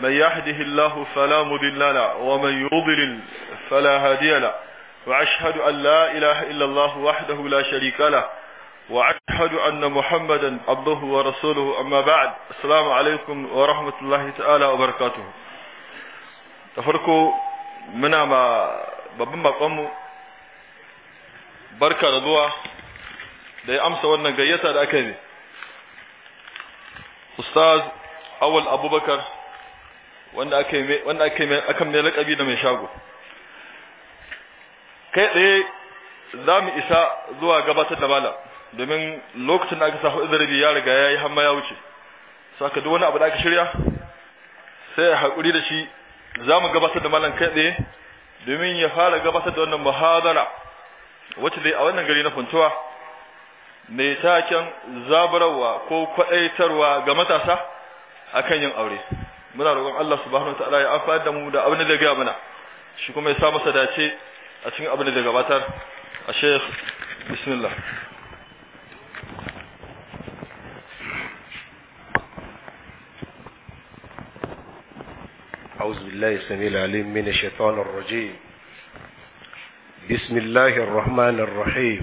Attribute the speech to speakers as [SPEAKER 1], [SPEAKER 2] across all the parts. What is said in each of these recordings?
[SPEAKER 1] من يهده الله فلا مضل له ومن يضلل فلا هادي له وأشهد أن لا إله إلا الله وحده لا شريك له وأشهد أن محمدا عبده ورسوله أما بعد السلام عليكم ورحمة الله تعالى وبركاته تفرقوا منا ما babban bakonmu barka da zuwa da ya amsa wannan gayyata da aka yi ustaz awal abubakar wanda aka yi wanda aka yi aka mai lakabi da mai shago kai tsaye za mu isa zuwa gabatar da malam domin lokacin da aka sa hudu ya riga ya yi hamma ya wuce saka duk wani abu da aka shirya sai a haƙuri da shi za mu gabatar da malan kai tsaye domin ya fara gabatar da wannan muhadara wacce dai a wannan gari na funtuwa mai taken zabarawa ko kwaɗaitarwa ga matasa akan yin aure muna roƙon Allah subhanahu wataala ya afa da mu da abin da gaya mana shi kuma ya sa masa dace a cikin abin da gabatar a sheikh bismillah
[SPEAKER 2] أعوذ بالله السميع العليم من الشيطان الرجيم بسم الله الرحمن الرحيم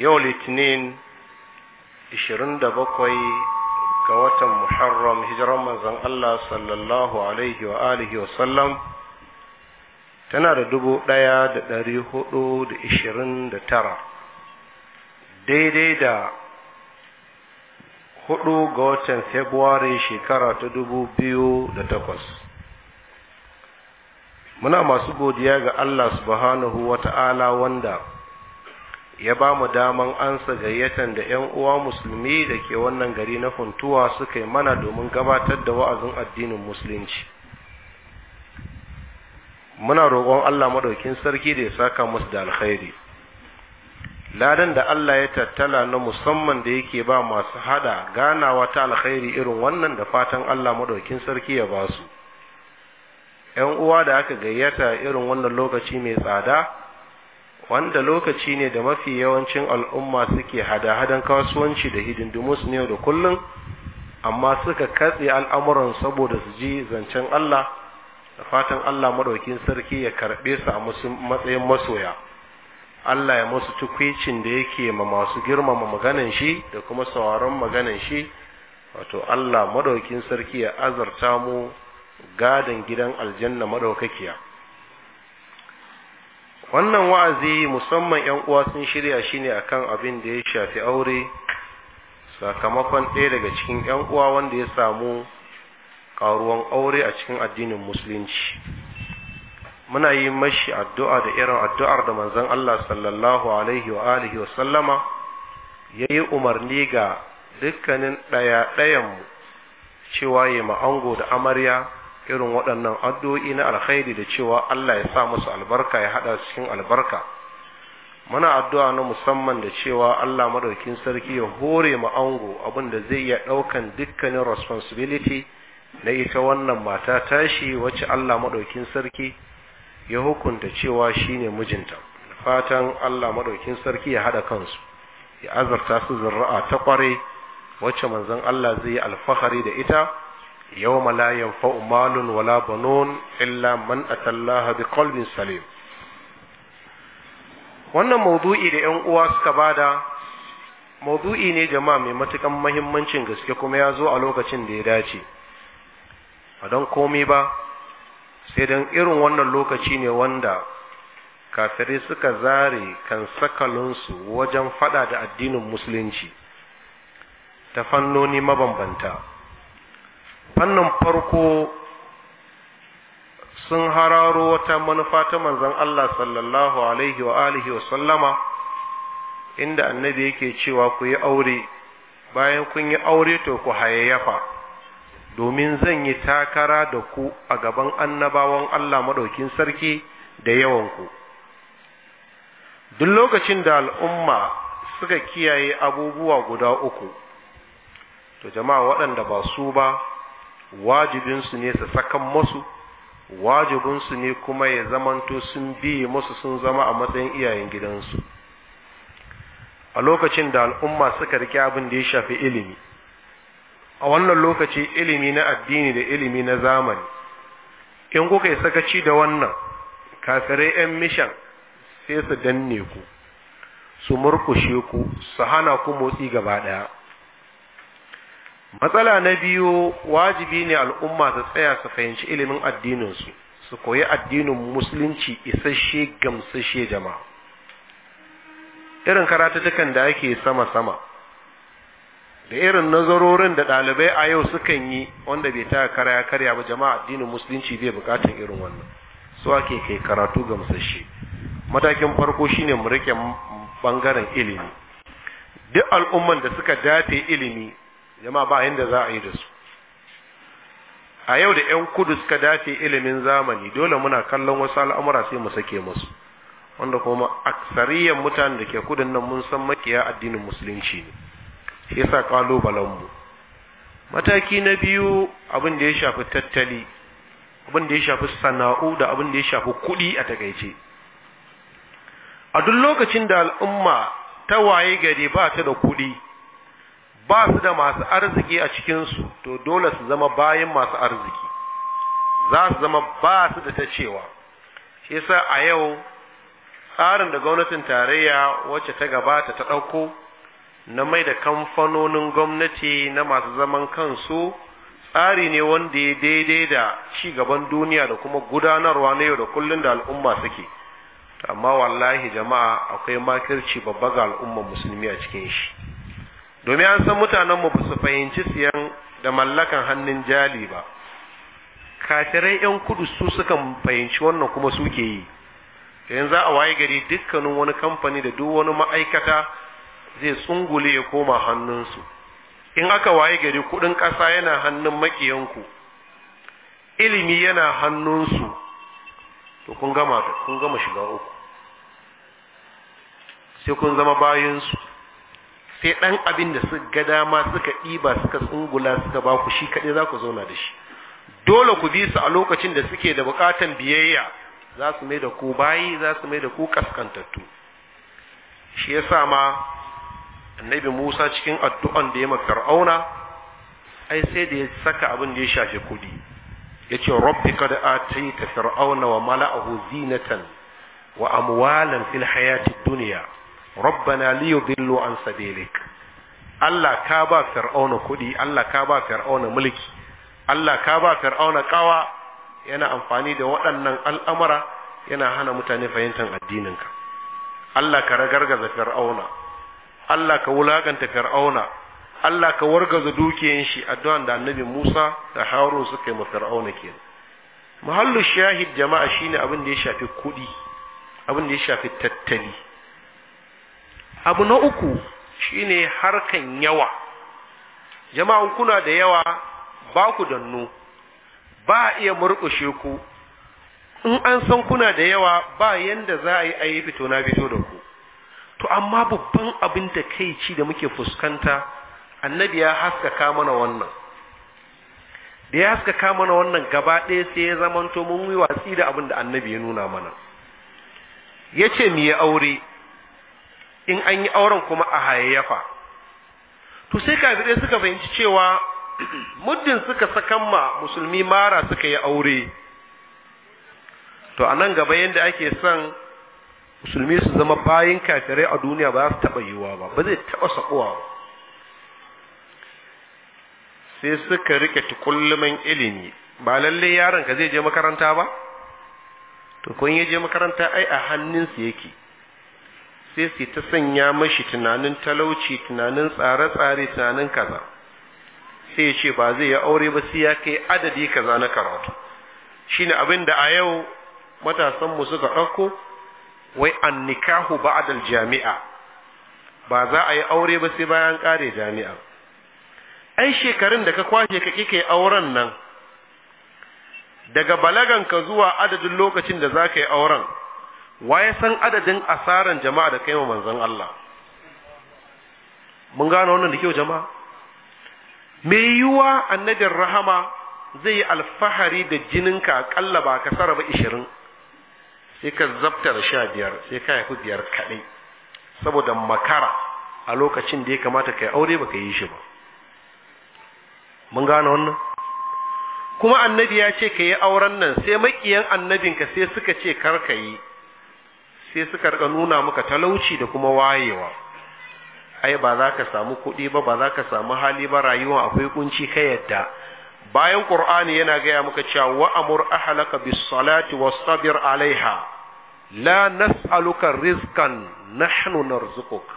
[SPEAKER 2] yau litinin 27 ga watan muharram hijiran manzon Allah sallallahu alaihi wa alihi wa sallam tana da dubu ɗaya da ɗari hudu da ishirin da tara daidai da hudu ga watan februari shekara ta dubu biyu da takwas muna masu godiya ga Allah subhanahu wa ta'ala wanda ya ba mu daman ansa gayyatan da 'yan uwa musulmi da ke wannan gari na funtuwa suka yi mana domin gabatar da wa'azin addinin musulunci muna roƙon Allah maɗaukin sarki da ya saka musu da alkhairi ladan da Allah ya tattala na musamman da yake ba masu hada ganawa ta alkhairi irin wannan da fatan Allah maɗaukin sarki ya ba su ‘yan uwa da aka gayyata irin wannan lokaci mai tsada wanda lokaci ne da mafi yawancin al'umma suke hada-hadan kasuwanci da hidindimus ne da kullum amma suka katse al'amuran saboda su ji zancen Allah da fatan Allah madaukin sarki ya karbe su a matsayin masoya Allah ya musu tukwicin da yake ma masu girmama maganan shi da kuma sauraron maganan shi wato Allah madaukin sarki ya azarta mu gadan gidan aljanna madaukakiya wannan wa'azi musamman yan uwa sun shirya shi ne akan abin da ya shafi aure sakamakon ɗaya daga cikin yan uwa wanda ya samu karuwan aure a cikin addinin musulunci muna yi mashi addu'a da irin addu'ar da manzon Allah sallallahu alaihi wa alihi wa sallama yayi umarni ga dukkanin ɗaya ɗayan cewa ya ma'ango da amarya irin waɗannan addu'o'i na alkhairi da cewa Allah ya sa musu albarka ya haɗa cikin albarka muna addu'a na musamman da cewa Allah maɗaukin sarki ya hore mu ango abin da zai iya ɗaukan dukkanin responsibility na ita wannan mata tashi wacce Allah madaukin sarki ya hukunta cewa shine mijinta fatan Allah maɗaukin sarki ya haɗa kansu ya azarta su zurra'a ta ƙware wacce manzon Allah zai yi alfahari da ita يوم لا ينفع مال ولا بنون إلا من أتى الله بقلب سليم wannan maudu'i da ‘yan uwa suka bada maudu'i ne jama'a mai matukan mahimmancin gaske kuma ya zo a lokacin da ya dace ba don komai ba sai don irin wannan lokaci ne wanda kafirai suka zare kan sakalinsu wajen fada da addinin musulunci ta fannoni mabambanta fannin farko sun hararo wata manufa ta manzon Allah sallallahu alaihi wa alihi wa sallama inda annabi yake cewa ku yi aure bayan kun yi aure to ku hayayyafa domin zan yi takara da ku a gaban annabawan Allah madaukin sarki da yawanku duk lokacin da al'umma suka kiyaye abubuwa guda uku to jama'a waɗanda ba su ba wajibinsu ne su sakan masu wajibinsu ne kuma ya zamanto sun biye masu sun zama a matsayin iyayen gidansu a lokacin da al'umma suka rike abin da ya shafi ilimi a wannan lokaci ilimi na addini da ilimi na zamani in kuka yi sakaci da wannan kafirai 'yan mishan sai su danne ku su murkushe ku su hana ku motsi gaba ɗaya matsala na biyu wajibi ne al'umma su tsaya su fahimci ilimin addininsu su koyi addinin musulunci isasshe gamsasshe jama'a irin karatutukan da ake sama-sama da irin nazarorin da ɗalibai a yau sukan yi wanda bai ta karya karya ba jama'a addinin musulunci bai bukata irin wannan su ake kai karatu gamsasshe matakin farko shine mu rike bangaren ilimi duk al'umman da suka dafe ilimi jama'a ba yanda za a yi da su a yau da 'yan kudu suka dace ilimin zamani dole muna kallon wasu al'amura sai mu sake musu wanda kuma aksariyan mutanen da ke kudin nan mun san makiya addinin musulunci ne shi yasa kalubalenmu mataki na biyu abin da ya shafi tattali abin da ya shafi sana'u da abin da ya shafi kuɗi a takaice a duk lokacin da al'umma ta waye gari ba ta da kuɗi ba su da masu arziki a cikinsu to dole su zama bayan masu arziki za su zama ba su da ta cewa shi yasa a yau tsarin da gwamnatin tarayya wacce ta gabata ta ɗauko na mai da kamfanonin gwamnati na masu zaman kansu tsari ne wanda ya daidai da ci gaban duniya da kuma gudanarwa na yau da kullum da al'umma suke amma wallahi jama'a akwai makirci babba ga al'ummar musulmi a cikin shi domin an san mutanenmu ba su fahimci siyan da mallakan hannun jali ba kafirai 'yan kudu su suka fahimci wannan kuma suke yi yanzu za a waye gari dukkanin wani kamfani da duk wani ma'aikata zai tsungule ya koma hannunsu in aka waye gari kudin ƙasa yana hannun makiyanku ilimi yana hannunsu to kun gama kun gama shiga uku sai kun zama bayansu sai ɗan abin da su ga dama suka ɗiba suka tsungula suka ba ku shi kaɗai za ku zauna da shi dole ku bi su a lokacin da suke da buƙatan biyayya za su mai da ku bayi za su mai da ku kaskantattu shi ya sa ma annabi musa cikin addu'an da ya makar'auna ai sai da ya saka abin da ya shafi kuɗi ya ce rabbi kada a ta fir'auna wa mala'ahu zinatan wa amwalan fil hayati duniya rabbana liyudillu an sabilik Allah ka ba fir'auna kudi Allah ka ba fir'auna mulki Allah ka ba fir'auna kawa yana amfani da waɗannan al'amara yana hana mutane fahimtar addininka Allah ka ragargaza fir'auna Allah ka wulaganta fir'auna Allah ka wargaza dukiyan shi addu'an da annabi Musa da Harun suka yi ma fir'auna kenan mahallu shahid jama'a shine abin da ya shafi kudi abin da ya shafi tattali abu na uku shine harkan yawa jama'an kuna da yawa ba ku danno ba a iya murƙushe ku in an san kuna da yawa ba yanda za a yi a yi fito na fito da ku to amma babban abin da kai ci da muke fuskanta annabi ya haskaka mana wannan da ya haskaka mana wannan gaba ɗaya sai ya zamanto mun yi watsi da abin da annabi ya nuna mana ya ce mu yi aure in an yi auren kuma a hayayyafa to sai kafirai suka fahimci cewa muddin suka sakan ma musulmi mara suka yi aure to a nan gaba yadda ake son musulmi su zama bayan kafirai a duniya ba su taɓa yiwuwa ba ba zai taɓa saƙuwa ba sai suka rike tukullumin ilimi ba lalle yaron ka zai je makaranta ba to kun je makaranta ai a hannunsu yake sai su ta sanya mashi tunanin talauci tunanin tsare-tsare tunanin kaza sai ya ce ba zai ya aure ba sai ya kai adadi kaza na karatu shine abin da a yau matasanmu suka ɗauko wai an nikahu adal jami'a ba za a yi aure ba sai bayan ƙare jami'a ai shekarun da ka kwashe ka kike auren nan daga balagan ka zuwa adadin lokacin da za ka yi auren Wa ya san adadin asaran jama'a da kai manzon Allah mun gano wannan da kyau jama'a me yiwuwa annabin rahama zai yi alfahari da jininka akalla ba ka sara ba ishirin sai ka zabtar sha biyar sai ka haifi biyar kaɗai saboda makara a lokacin da ya kamata ka yi aure ba ka yi shi ba mun gano wannan kuma annabi ya ce ka yi auren nan sai maƙiyan annabinka sai suka ce kar ka yi sai suka rika nuna maka talauci da kuma wayewa ai ba za ka samu kuɗi ba ba za ka samu hali ba rayuwa akwai kunci ka yadda bayan qur'ani yana gaya maka cewa wa amur ahlaka bis salati wastabir alaiha la nas'aluka rizqan nahnu narzuquk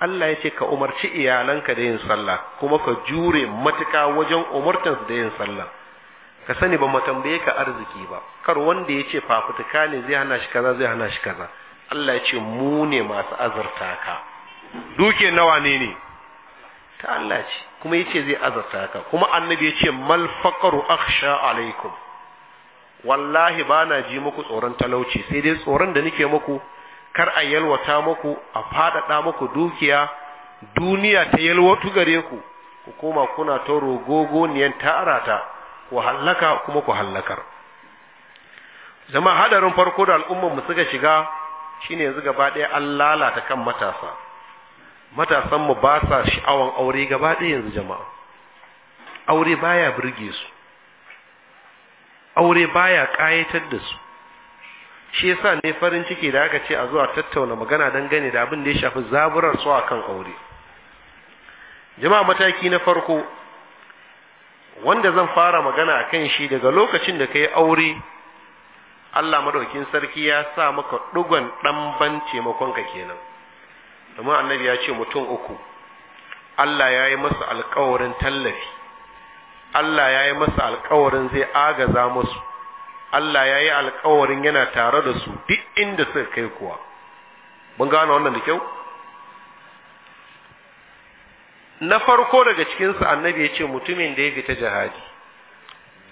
[SPEAKER 2] Allah yace ka umarci iyalanka da yin sallah kuma ka jure matuka wajen umurtansu da yin sallah ka sani ba mu tambaye ka arziki ba kar wanda ya ce fafutuka ne zai hana shi kaza zai hana shi kaza Allah ya ce mu ne masu azurta ka duke nawa ne ne ta Allah ce kuma ya ce zai azurta ka kuma annabi ya ce mal faqaru akhsha alaikum wallahi ba na ji muku tsoron talauci sai dai tsoron da nake muku kar a yalwata muku a faɗaɗa muku dukiya duniya ta yalwatu gare ku ku koma kuna ta rogogoniyan ta tarata ku hallaka kuma ku hallakar jama'a hadarin farko da al'ummar mu suka shiga shine yanzu gaba ɗaya an lalata kan matasa matasan mu ba sa sha'awan aure gaba ɗaya yanzu jama'a aure baya burge su aure baya ƙayatar da su shi yasa ne farin ciki da aka ce a zuwa tattauna magana gane da abin da ya shafi zaburar su kan aure jama'a mataki na farko wanda zan fara magana a kan shi daga lokacin da ka yi aure Allah madaukin sarki ya sa maka ɗugon ɗanban taimakonka kenan domin annabi ya ce mutum uku Allah ya yi masa alkawarin tallafi Allah ya yi masa alkawarin zai agaza musu Allah ya yi alkawarin yana tare da su duk inda suka kai kuwa mun gane wannan da kyau na farko daga cikinsu annabi ya ce mutumin da ya fita jihadi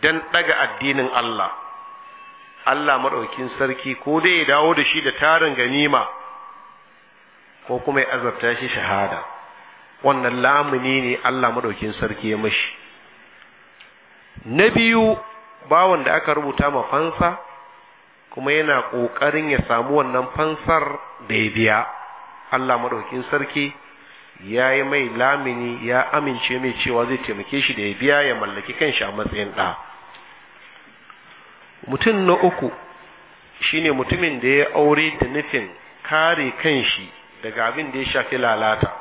[SPEAKER 2] don ɗaga addinin Allah Allah maɗaukin sarki ko dai ya dawo da shi da tarin ganima ko kuma ya azabta shi shahada wannan lamuni ne Allah maɗaukin sarki ya mashi na biyu bawan da aka rubuta ma fansa kuma yana ƙoƙarin ya samu wannan fansar da ya biya Allah maɗaukin sarki ya yi mai lamini ya amince mai cewa zai taimake shi da ya biya ya mallaki kanshi a matsayin ɗa mutum na uku shine mutumin da ya aure da nufin kare kanshi daga abin da ya shafi lalata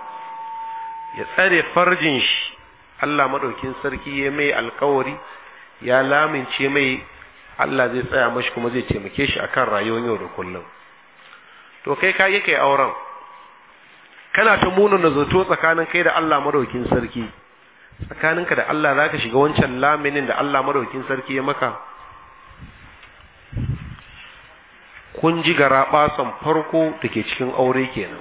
[SPEAKER 2] ya tsare farjin shi Allah maɗaukin sarki ya mai alkawari ya lamince mai Allah zai tsaya mashi kuma zai taimake shi a kan rayuwar yau da kullum to kai ka yi kai auren kana ta muna zato tsakanin kai da Allah madaukin sarki tsakaninka da Allah za ka shiga wancan laminin da Allah madaukin sarki ya maka kun ji gara basan farko da ke cikin aure kenan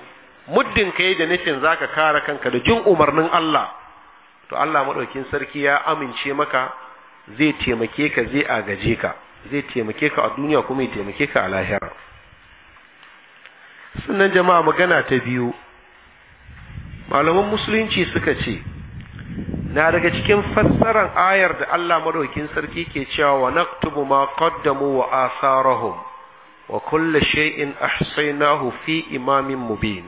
[SPEAKER 2] muddin kai da nufin zaka kara kanka da jin umarnin Allah to Allah madaukin sarki ya amince maka zai taimake ka zai agaje ka zai taimake ka a duniya kuma ya taimake ka a lahira sannan jama'a magana ta biyu malaman musulunci suka ce na daga cikin fassarar ayar da Allah madaukin sarki ke cewa wa naktubu ma qaddamu wa asarahum wa kullu shay'in ahsaynahu fi imamin mubin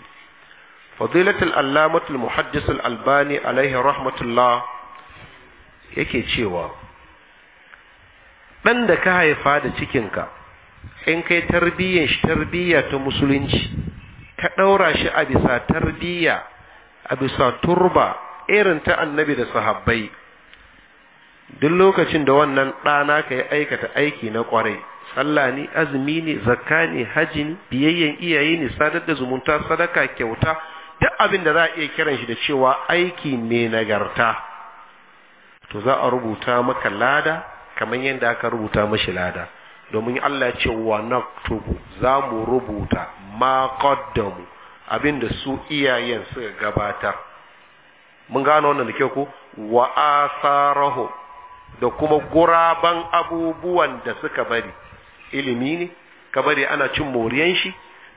[SPEAKER 2] fadilatul allamatul muhaddis albani alaihi rahmatullah yake cewa dan da ka haifa da cikinka in kai tarbiyyar shi tarbiyya ta musulunci ka daura shi a bisa tarbiyya a bisa turba irin ta annabi da sahabbai duk lokacin da wannan ɗana ka yi aikata aiki na ƙwarai sallah ne azumi ne zakka ne hajji ne biyayyen iyaye ne sadar da zumunta sadaka kyauta duk abin da za a iya kiran shi da cewa aiki mai nagarta to za a rubuta maka lada kamar yadda aka rubuta mashi lada domin Allah ya ce wa naktubu za mu rubuta ma qaddamu abin da su iyayen suka gabatar mun gano wannan da ke ku wa asarahu da kuma guraban abubuwan da suka bari ilimi ne ka bari ana cin moriyan shi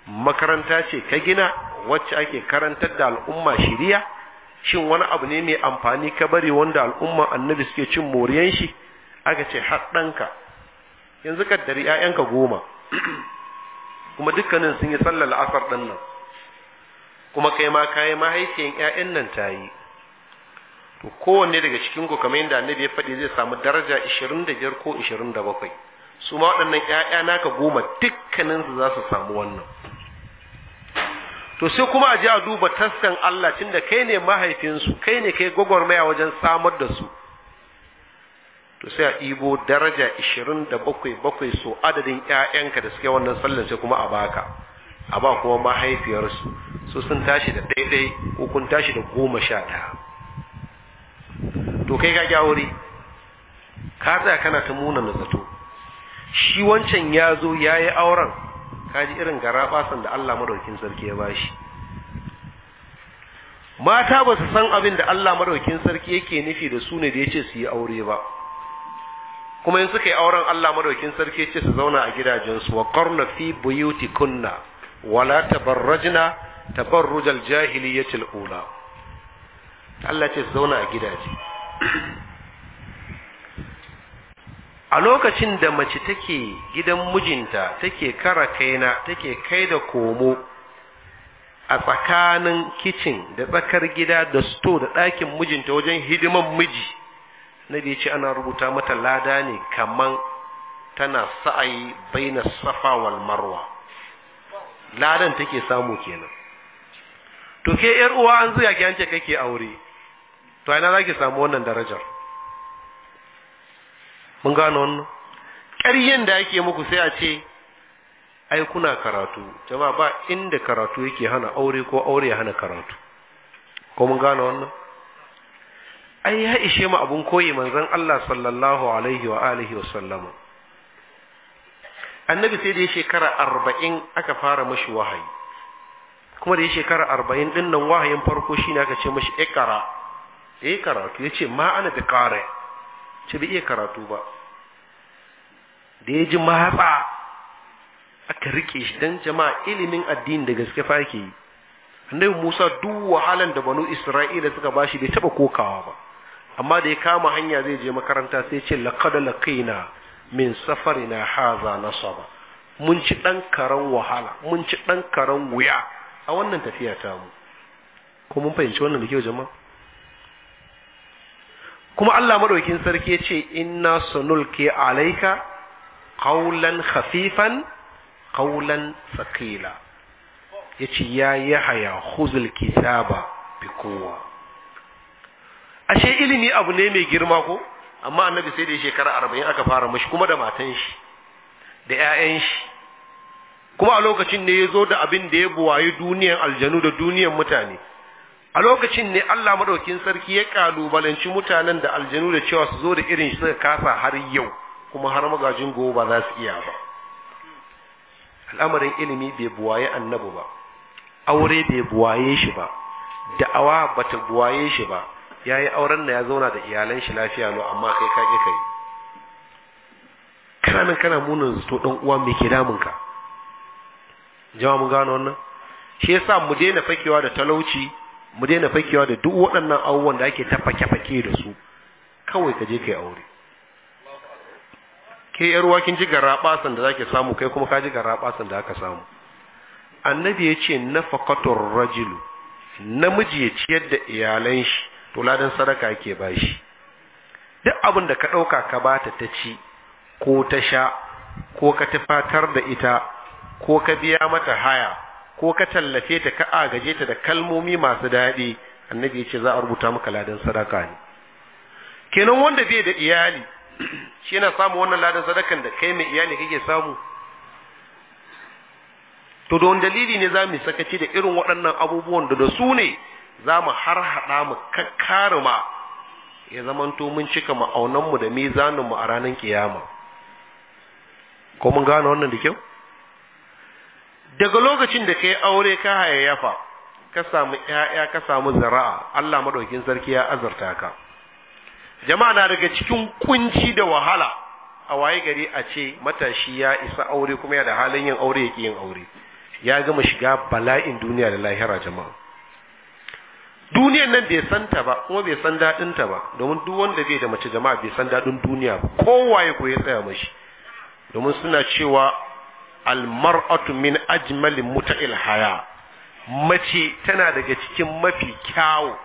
[SPEAKER 2] makaranta ce ka gina wacce ake karantar da al'umma shiriya shin wani abu ne mai amfani ka bari wanda al'umma annabi suke cin moriyan shi aka ce haɗanka yanzu ka dari 'ya'yanka goma kuma dukkanin sun yi sallar asar ɗin kuma kai ma kayi mahaifiyan ƴaƴan nan ta yi to kowanne daga cikin ku kamar yadda annabi ya faɗi zai samu daraja 25 ko 27 su ma waɗannan ƴaƴa naka goma dukkanin su za su samu wannan to sai kuma a ji a duba taskan Allah tunda kai ne mahaifinsu kai ne kai gwagwarmaya wajen samar da su to sai a ɗibo daraja 27 bakwai bakwai so adadin ƴaƴanka da suke wannan sallar sai kuma a baka a ba kuma mahaifiyarsu su sun tashi da ɗaiɗai ko kun tashi da goma sha ɗaya to kai ka wuri ka tsaya kana ta muna na zato shi wancan ya zo ya yi auren ka ji irin garaɓasan da Allah madaukin sarki ya bashi mata ba su san abin da Allah madaukin sarki yake nufi da su ne da ya ce su yi aure ba kuma in suka yi auren Allah madaukin sarki ya ce su zauna a gidajensu wa qarna fi buyutikunna wala tabarrajna tabarrujal jahiliyyatil ula Allah ce zauna a gidaje a lokacin da mace take gidan mijinta take kara kaina take kai da komo a tsakanin kicin da tsakar gida da sto da ɗakin mijinta wajen hidiman miji na ce ana rubuta mata lada ne kaman tana sa'ayi baina safa wal marwa ladan take samu kenan to ke yar uwa an zuya ki an ce kake aure to ina zaki samu wannan darajar mun gano wannan ƙaryen da yake muku sai a ce ai kuna karatu jama'a ba inda karatu yake hana aure ko aure ya hana karatu ko mun gano wannan ai ya ishe mu abun koyi manzon Allah sallallahu alaihi wa alihi wa sallama annabi sai da ya shekara arba'in aka fara mashi wahayi kuma da ya shekara arba'in din nan wahayin farko shi ne aka ce mashi ikara ya yi karatu ya ce ma ana da ƙara ce bai iya karatu ba da ya ji matsa aka rike shi don jama'a ilimin addini da gaske fa yake yi annabi musa duk wahalan da banu isra'ila suka bashi bai taɓa kokawa ba amma da ya kama hanya zai je makaranta sai ce laqad laqina min na haza nasaba mun ci dan karan wahala mun ci dan karan wuya a wannan tafiya ta mu ko mun fahimci wannan da kyau jama'a kuma Allah madaukin sarki yace inna sunulki alayka qawlan khafifan qawlan thaqila yace ya yahaya khuzul kitaba bi kowa ashe ilimi abu ne mai girma ko amma annabi sai da shekara arba'in aka fara mashi kuma da matan shi da 'ya'yan shi kuma a lokacin ne ya zo da abin da ya buwayi duniyan aljanu da duniyan mutane a lokacin ne Allah maɗaukin sarki ya ƙalubalanci mutanen da aljanu da cewa su zo da irin shi suka kasa har yau kuma har magajin gobe ba za su iya ba al'amarin ilimi bai buwaye annabi ba aure bai buwaye shi ba da'awa bata buwaye shi ba ya yi auren na ya zauna da iyalan shi lafiya lo amma kai ka ƙi kai kana nan kana munin zato ɗan uwa me ke damun ka jama mun gano wannan shi yasa mu daina fakewa da talauci mu daina fakewa da duk waɗannan abubuwan da ake ta fake-fake da su kawai ka je kai aure ke yar uwa kin ji garabasan da zake samu kai kuma ka ji garabasan da aka samu annabi ya ce nafaqatur rajulu namiji ya ciyar da iyalan shi to ladan sadaka ake bashi duk abin da ka ɗauka ka bata ta ci ko ta sha ko ka tufatar da ita ko ka biya mata haya ko ka tallafe ta ka agaje ta da kalmomi masu daɗi annabi ya ce za a rubuta maka ladan sadaka ne kenan wanda bai da iyali shi yana samu wannan ladan sadakan da kai mai iyali kake samu to don dalili ne za mu sakaci da irin waɗannan abubuwan da da su ne za mu har haɗa mu ma ya zamanto mun cika mu da mu a ranar kiyama ko mun gane wannan da kyau daga lokacin da ka yi aure ka hayayyafa ka samu ‘ya'ya ka samu zara'a Allah maɗaukin sarki ya azarta ka jama'a na daga cikin kunci da wahala a waye gari a ce matashi ya isa aure kuma ya da halin yin aure ya ƙi yin aure ya gama shiga bala'in duniya da lahira jama'a duniyan nan bai san ta ba kuma bai san daɗin ta ba domin duk wanda zai da mace jama'a bai san daɗin duniya ba kowaye ko ya tsaya mashi domin suna cewa almar'atu min ajmalin muta'il haya mace tana daga cikin mafi kyawu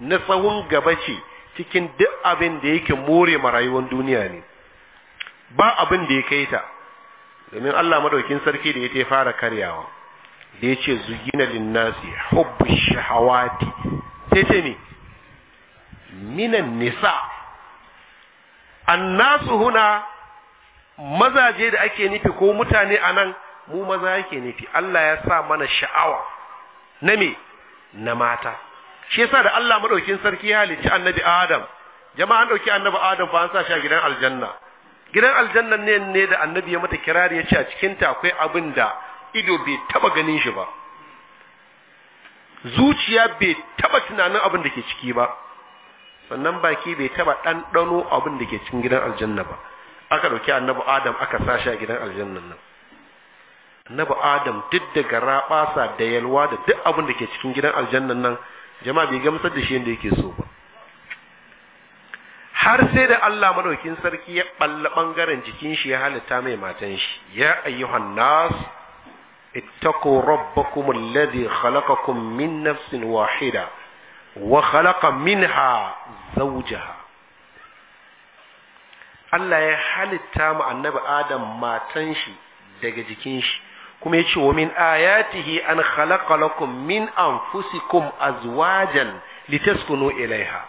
[SPEAKER 2] na tsawon gaba ce cikin duk abin da yake more ma rayuwar duniya ne ba abin da ya kai ta domin Allah madaukin sarki da ya ta fara karyawa da ya ce zugina linnasi hubbu shahawati sai ce ne minan nisa annasu huna mazaje da ake nufi ko mutane a nan mu maza yake nufi Allah ya sa mana sha'awa na me na mata shi yasa da Allah madaukin sarki ya halicci annabi Adam jama'an dauki annabi Adam fa an sa shi a gidan aljanna gidan aljanna ne ne da annabi ya mata kirari ya ce a cikin ta akwai abin da ido bai taba ganin shi ba zuciya bai taba tunanin abin da ke ciki ba sannan baki bai taba ɗanɗano abin da ke cikin gidan aljanna ba aka ɗauki annabi adam aka sashi a gidan aljanna nan annabi adam duk da garaɓasa da yalwa da duk abin da ke cikin gidan aljanna nan jama'a bai gamsar da shi yadda yake so ba har sai da Allah madaukin sarki ya balla bangaren jikin shi ya halitta mai matan shi ya ayyuhan nas اتقوا ربكم الذي خلقكم من نفس واحدة وخلق منها زوجها Allah ya halitta mu annabi Adam matan shi daga jikin shi kuma ya ce wa min ayatihi an khalaqa lakum min anfusikum azwajan litaskunu ilaiha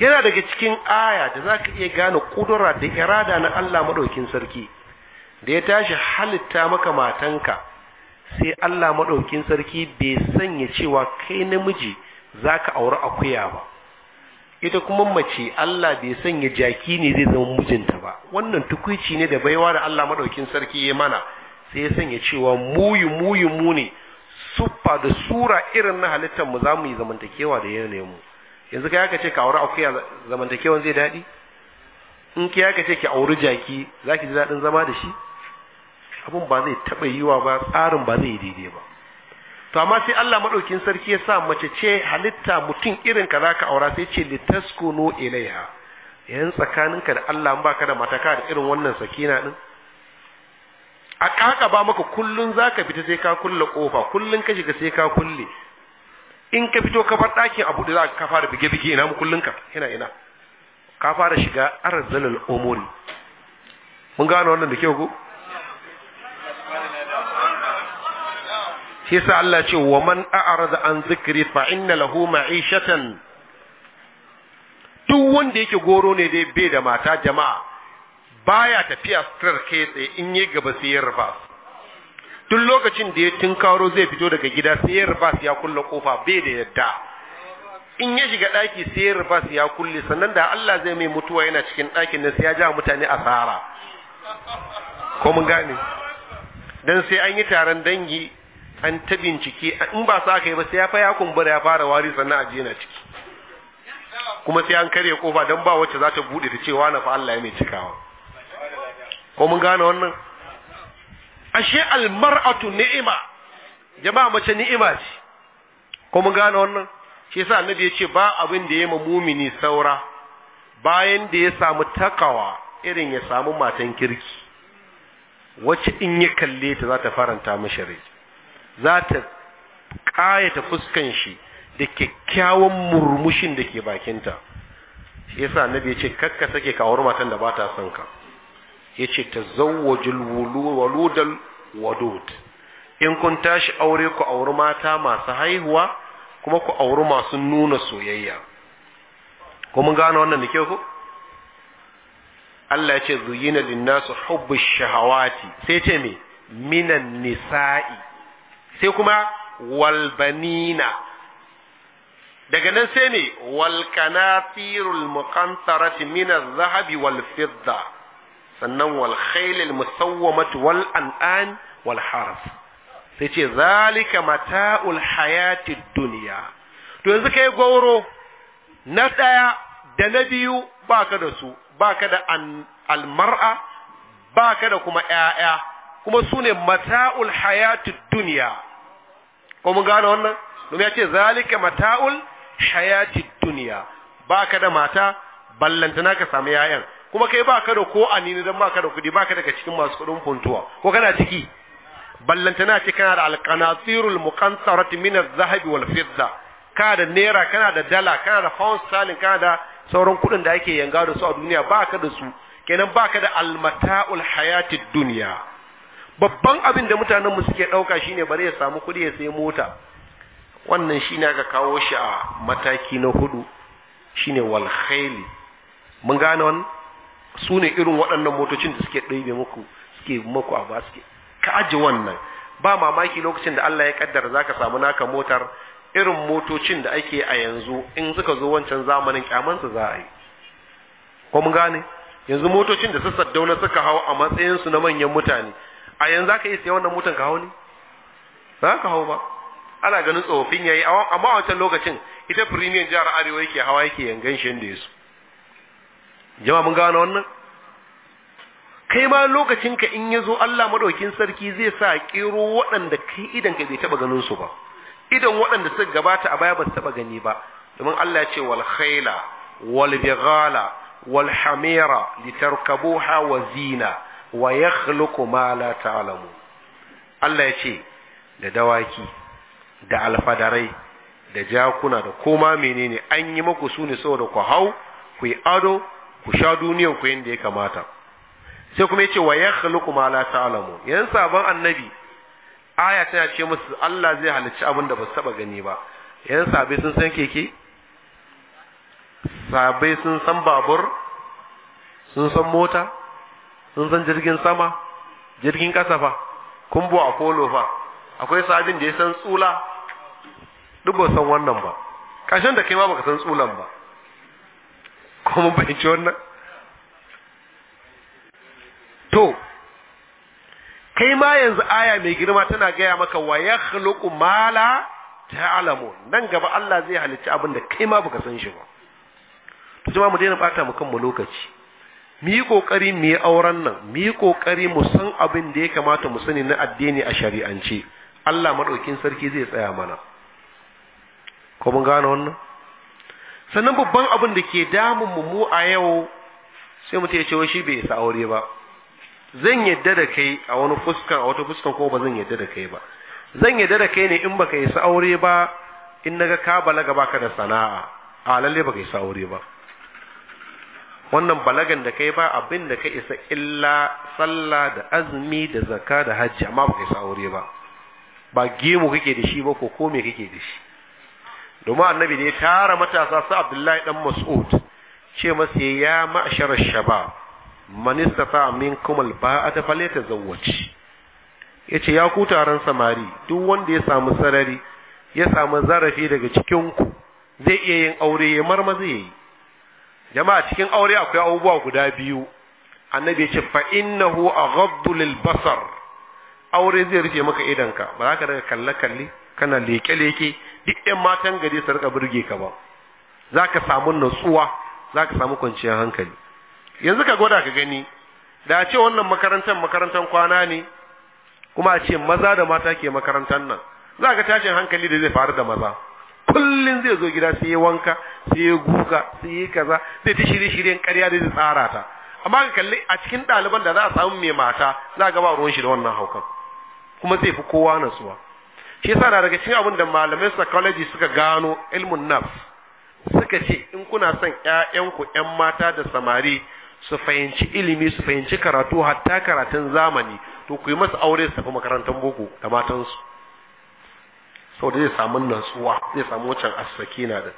[SPEAKER 2] yana daga cikin aya da zaka iya gane kudura da irada na Allah madaukin sarki da ya tashi halitta maka matanka sai Allah maɗaukin sarki bai sanya cewa kai namiji za ka auri akuya ba ita kuma mace Allah bai sanya jaki ne zai zama mijinta ba wannan tukwici ne da baiwa da Allah maɗaukin sarki ya mana sai ya sanya cewa muyu muyu mu ne suffa da sura irin na halittar mu za mu yi zamantakewa da yanayin mu yanzu kai aka ce ka auri akuya zamantakewan zai daɗi in ki aka ce ki auri jaki za ki ji daɗin zama da shi abin ba zai taɓa yiwa ba tsarin ba zai yi daidai ba to amma sai Allah maɗaukin sarki ya sa mace ce halitta mutum irin ka zaka aura sai ce no ilaiha yan tsakaninka da Allah in baka da mataka da irin wannan sakina din a kaka ba maka kullun zaka fita sai ka kulle kofa kullun ka shiga sai ka kulle in ka fito ka bar ɗakin abu da zaka ka fara bige bige ina mu kullun ka ina ina ka fara shiga arzalul umuri mun gano wannan da kyau ko shi sa Allah ce wa man a'rada an zikri fa inna lahu ma'ishatan duk wanda yake goro ne dai bai da mata jama'a baya tafiya sirar kai tsaye in yi gaba sai ya rufa duk lokacin da ya tunkaro zai fito daga gida sai ya rufa ya kulle kofa bai da yadda in ya shiga daki sai ya rufa ya kulle sannan da Allah zai mai mutuwa yana cikin dakin nan sai ya ja mutane asara ko mun gane dan sai an yi taron dangi an ta bincike in ba sa kai ba sai ya fa ya kumbura ya fara wari sannan aje na ciki kuma sai an karya kofa don ba wacce za ta bude ta ce na fa Allah ya mai cikawa ko mun gane wannan ashe almar'atu ni'ima jama'a mace ni'ima ce ko mun gane wannan shi yasa annabi ya ce ba abin da ya ma mumini saura bayan da ya samu takawa irin ya samu matan kirki wacce in ya kalle ta za ta faranta mashi rai za ta ƙayata fuskan shi da kyakkyawan murmushin da ke bakinta shi yasa annabi ya ce kakka sake ka aure matan da ba ta son ka ya ce ta zawwajul waludal wadud in kun tashi aure ku auri mata masu haihuwa kuma ku auri masu nuna soyayya ko mun wannan da ku Allah ya ce zuyina linnasu hubbu shahawati sai ce me minan nisa'i sai kuma walbanina daga nan sai ne walkanatirul muqantarati min az-zahabi wal fidda sannan wal khayl al musawwamati wal an'am wal harf sai ce zalika mata'ul hayati dunya to yanzu kai goro na daya da na biyu baka da su baka da al mar'a baka da kuma ƴaƴa kuma sune mata'ul hayati dunya ko mun gane wannan domin ya ce zalika mata'ul hayati duniya baka da mata ballantana ka samu yayan kuma kai baka da ko anini dan baka da kudi baka daga cikin masu kudin funtuwa ko kana ciki ballantana ce kana da alqanatirul muqantarat min az-zahab wal fidda kana da naira kana da dala kana da pound sterling kana da sauran kudin da ake yanga da su a duniya baka da su kenan baka da almata'ul hayati duniya babban abin da mutanen mu suke ɗauka shine bari ya samu kuɗi ya sai mota wannan shine aka kawo shi a mataki na hudu shine wal khayli mun gane wannan su ne irin waɗannan motocin da suke ɗaibe muku suke muku a ba ka aje wannan ba mamaki lokacin da Allah ya kaddara zaka samu naka motar irin motocin da ake a yanzu in suka zo wancan zamanin kyamansu za a yi ko mun gane yanzu motocin da sassa dauna suka hau a matsayinsu na manyan mutane a yanzu aka iya siya wannan mutan ka hau ne ba ka hau ba ana ganin tsofin yayi amma a wancan lokacin ita premium jihar arewa yake hawa yake yangan shi da yasu jama mun gano wannan kai ma lokacin ka in yazo Allah madaukin sarki zai sa kero waɗanda kai idan ka bai taba ganin su ba idan waɗanda suka gabata a baya ba su taba gani ba domin Allah ya ce wal khaila wal bighala wal hamira litarkabuha wa zina wa yakhluqu ma la ta'lamu Allah ya ce da dawaki da alfadarai da jakuna da koma menene an yi muku su ne saboda ku hau ku yi ado ku sha duniyar ku yanda ya kamata sai kuma yace wa yakhluqu ma la ta'lamu yan sabon annabi aya tana ce musu Allah zai halicci abin da ba su taba gani ba yan sabai sun san keke sabai sun san babur sun san mota sun san jirgin sama jirgin ƙasa fa kumbo a kolo fa akwai sabin da ya san tsula duk ba san wannan ba ƙarshen da kai ma baka san tsulan ba ko mun fahimci wannan to kai ma yanzu aya mai girma tana gaya maka wa ya khluqu la ta'lamu nan gaba Allah zai halicci abin da kai ma baka san shi ba to jama'a mu daina bata mu kanmu lokaci mu yi kokari mu yi auren nan mu yi kokari mu san abin da ya kamata mu sani na addini a shari'ance Allah madaukin sarki zai tsaya mana ko mun gane wannan sannan babban abin da ke damun mu mu a yau sai mu ya ce wai shi bai isa aure ba zan yadda da kai a wani fuskan a wata fuskan ko ba zan yadda da kai ba zan yadda da kai ne in baka isa aure ba in naga ka balaga baka da sana'a a lalle baka isa aure ba wannan balagan da kai ba abin da ka isa illa sallah da azumi da zakka da hajji amma ba kai sa'uri aure ba ba gemu kake da shi ba ko ko me kake da shi domin annabi ne tara matasa su abdullahi dan mas'ud ce masa ya ma'ashar shabab man istata minkum alba'ata falyatazawwaj yace ya ku taron samari duk wanda ya samu sarari ya samu zarafi daga cikin ku zai iya yin aure ya marma yayi jama'a cikin aure akwai abubuwa guda biyu annabi ya ce fa innahu aghaddu lil basar aure zai rufe maka idanka ba za ka daga kalle kalle kana leke leke duk yan matan gari su rika burge ka ba za ka samu natsuwa za ka samu kwanciyar hankali yanzu ka gwada ka gani da ce wannan makarantar makarantar kwana ne kuma a ce maza da mata ke makarantar nan za ka tashin hankali da zai faru da maza kullum zai zo gida sai ya wanka sai ya guga sai ya kaza zai ta shirye shiryen karya da zai tsara ta amma ka kalli a cikin ɗaliban da za a samu mai mata za ga ba ruwan shi da wannan haukan kuma zai fi kowa nasuwa shi yasa na daga cikin abin da malamai psychology suka gano ilmun nafs suka ce in kuna son ƴaƴanku ƴan mata da samari su fahimci ilimi su fahimci karatu hatta karatun zamani to ku yi masa aure su tafi makarantar boko da matansu saboda zai samu natsuwa zai samu wancan asaki na da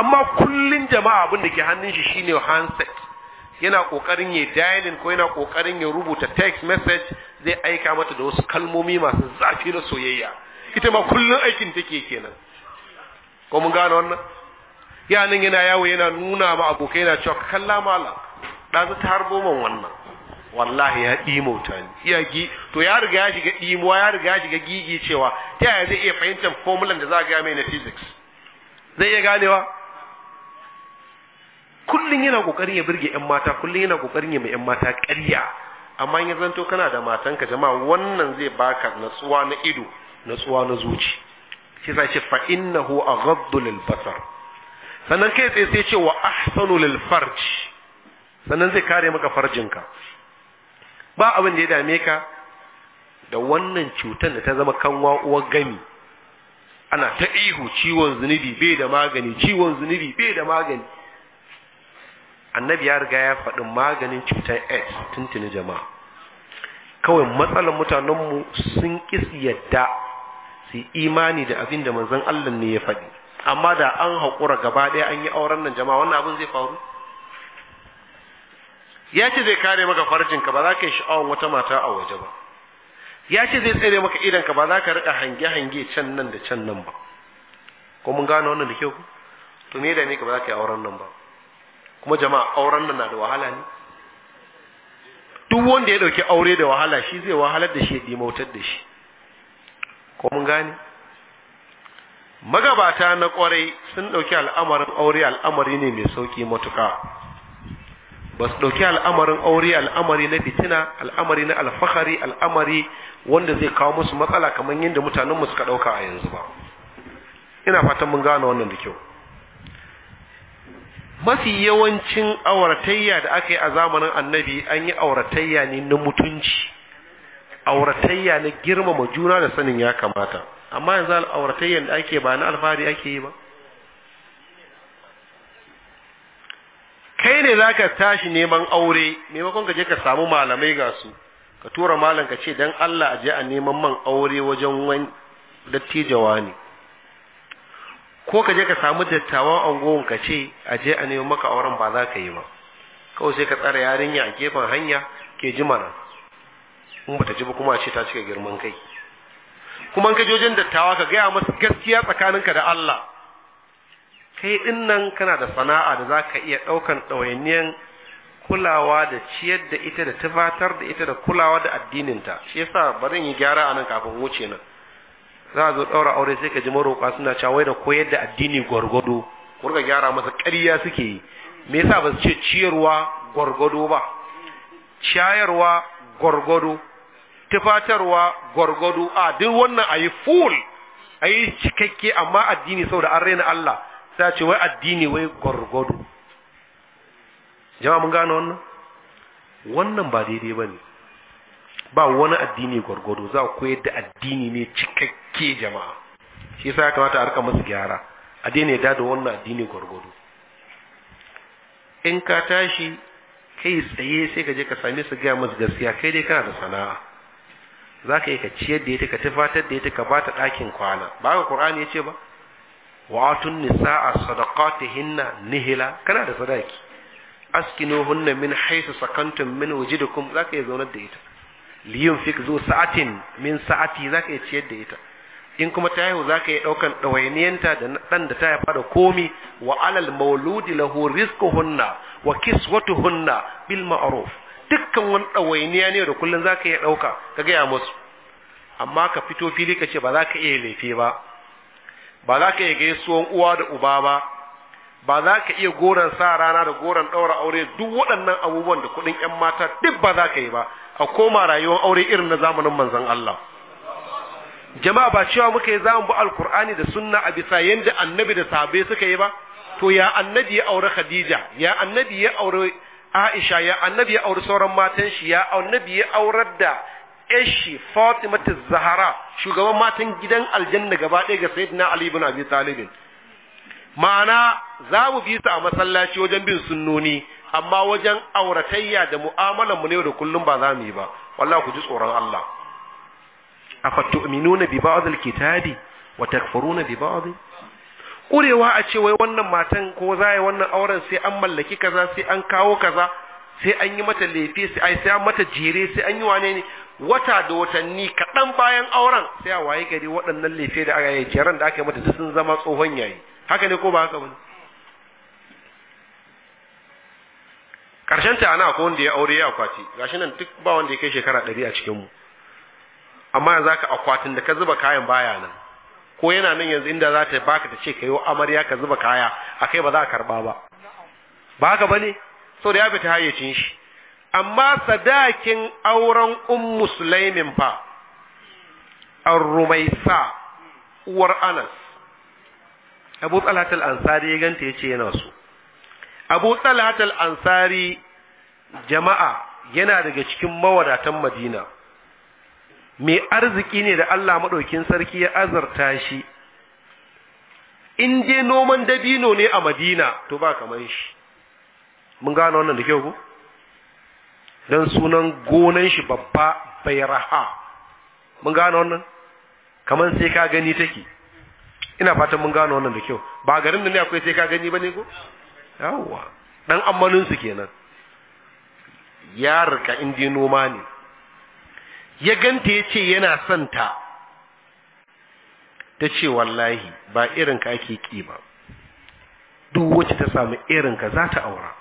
[SPEAKER 2] amma kullun jama'a abin da ke hannun shi shine handset yana kokarin ya dialing ko yana kokarin ya rubuta text message zai aika mata da wasu kalmomi masu zafi na soyayya ita ma kullun aikin take kenan ko mun gane wannan yanan yana yawo yana nuna ma abokai yana cewa kalla mala ɗazu ta harbo man wannan wallahi ya ɗimauta ni ya gi to ya riga ya shiga ɗimuwa ya riga ya shiga gigi cewa ta yaya zai iya fahimtar formulan da za a mai na physics zai iya ganewa kullum yana kokarin ya burge yan mata kullum yana kokarin ya mai yan mata ƙarya amma in ya zanto kana da matanka jama'a wannan zai baka natsuwa na ido natsuwa na zuci shi sai ce fa innahu aghaddu lil basar sannan kai tsaye sai ce wa ahsanu lil farj sannan zai kare maka farjinka ba abin da ya dame ka da wannan cutar da ta zama kanwa uwar gami ana ta ihu ciwon zunubi bai da magani ciwon zunubi bai da magani annabi ya riga ya faɗi maganin cutar aids tuntuni jama'a kawai matsalar mutanenmu sun ƙi yadda su imani da abin da manzon Allah ne ya faɗi amma da an haƙura gaba ɗaya an yi auren nan jama'a wannan abin zai faru ya ce zai kare maka farjinka ba za ka yi sha'awan wata mata a waje ba ya ce zai tsere maka idanka ba za ka rika hange-hange can nan da can nan ba ko mun gane wannan da kyau ku to me da ne ka ba za ka yi auren nan ba kuma jama'a auren nan na da wahala ne duk wanda ya dauki aure da wahala shi zai wahalar da shi ya dimautar da shi ko mun gane magabata na kwarai sun dauki al'amarin aure al'amari ne mai sauki matuƙa. ba su ɗauki al'amarin aure al'amari na fitina al'amari na alfahari al'amari wanda zai kawo musu matsala kamar yadda mutanen mu suka ɗauka a yanzu ba ina fatan mun gane wannan da kyau mafi yawancin auratayya da aka yi a zamanin annabi an yi auratayya ne na mutunci auratayya na girmama juna da sanin ya kamata amma yanzu auratayyan da ake ba na alfahari ake yi ba kai ne za ka tashi neman aure maimakon ka je ka samu malamai ga su ka tura malam ka ce don Allah a je a neman man aure wajen wani dattijawa ne ko ka je ka samu dattawan angon ka ce a je a neman maka auren ba za ka yi ba kawai sai ka tsara yarinya a gefen hanya ke ji in ba ta ji ba kuma a ce ta cika girman kai kuma in ka dattawa ka gaya masu gaskiya tsakaninka da Allah kai din nan kana da sana'a da za ka iya ɗaukan ɗawainiyan kulawa da ciyar da ita da tufatar da ita da kulawa da addininta shi yasa barin yi gyara a nan kafin wuce nan za a zo ɗaura aure sai ka ji maroƙa suna cawai da koyar da addini gwargwado ku rika gyara masa ƙarya suke yi me yasa ba su ce ciyarwa gwargwado ba ciyarwa gwargwado tufatarwa gwargwado a duk wannan a yi full a yi cikakke amma addini saboda an raina Allah sai ce wai addini wai gwargwado jama'a mun gano wannan wannan ba daidai ba ne ba wani addini gwargwado za a koyar da addini ne cikakke jama'a shi yasa ya kamata a rika masu gyara a daina ya da wannan addini gwargwado in ka tashi kai tsaye sai ka je ka same su gaya masu gaskiya kai dai kana da sana'a za ka yi ka ciyar da ita ka tufatar da ita ka ba ta ɗakin kwana ba ka ƙur'ani ya ce ba wa'atun nisa'a sadaqatihinna nihila kana da sadaki askinuhunna min haythu sakantum min wujidukum zaka iya zaunar da ita liyun fik zu sa'atin min sa'ati zaka iya ciyar da ita in kuma ta haihu zaka iya daukan dawainiyanta da dan da ta haifa da komi wa alal mauludi lahu rizquhunna wa kiswatuhunna hunna ma'ruf dukkan wani dawainiya ne da kullun zaka iya dauka ka ga ya musu amma ka fito fili ka ce ba za ka iya laifi ba ba za ka iya gaisuwan uwa da uba ba ba za ka iya goron sa rana da goron ɗaura aure duk waɗannan abubuwan da kuɗin 'yan mata duk ba za ka yi ba a koma rayuwar aure irin na zamanin manzon Allah jama'a ba cewa muka yi zamu bi alkur'ani da sunna a bisa yadda annabi da sahabbai suka yi ba to ya annabi ya aure khadija ya annabi ya aure aisha ya annabi ya aure sauran matan shi ya annabi ya aurar da ishi fatimatu zahara shugaban matan gidan aljanna gaba ɗaya ga sayyidina ali ibn abi talib ma'ana za mu bi su a masallaci wajen bin sunnoni amma wajen auratayya da mu'amalan mu ne da kullum ba za mu yi ba wallahi ku ji tsoron Allah tu'minuna bi ba'd al-kitabi wa takfuruna bi ba'd kurewa a ce wai wannan matan ko za yi wannan auren sai an mallaki kaza sai an kawo kaza sai an yi mata lefe sai ai sai an mata jere sai an yi wane ne wata da watanni kaɗan bayan auren sai a waye gari waɗannan lefe da aka yi ran da aka yi mata sun zama tsohon yayi haka ne ko ba haka bane karshen ta ana akwai wanda ya aure ya akwati gashi nan duk ba wanda ya kai shekara ɗari a cikin mu amma yanzu aka akwatin da ka zuba kayan baya nan ko yana nan yanzu inda za ta baka ta ce ka yi amarya ka zuba kaya a kai ba za a karɓa ba ba haka bane saboda ya fita hayyacin shi amma sadakin auren um musulaimin fa ar-rumaisa uwar anas abu ansari ya ganta yace yana so abu ansari jama'a yana daga cikin mawadatan madina mai arziki ne da Allah maɗaukin sarki ya azarta shi in je noman dabino ne a madina to ba kamar shi mun gano wannan da kyau ku don sunan gonan shi babba bai raha mun gano wannan kamar sai ka gani take ina fatan mun gano wannan da kyau ba garin da ne akwai sai ka gani ba ne ko yawwa dan ammanin su kenan ya rika indi noma ne ya ganta ya ce yana son ta ta ce wallahi ba ka ake ki ba duk wacce ta samu irinka za ta aura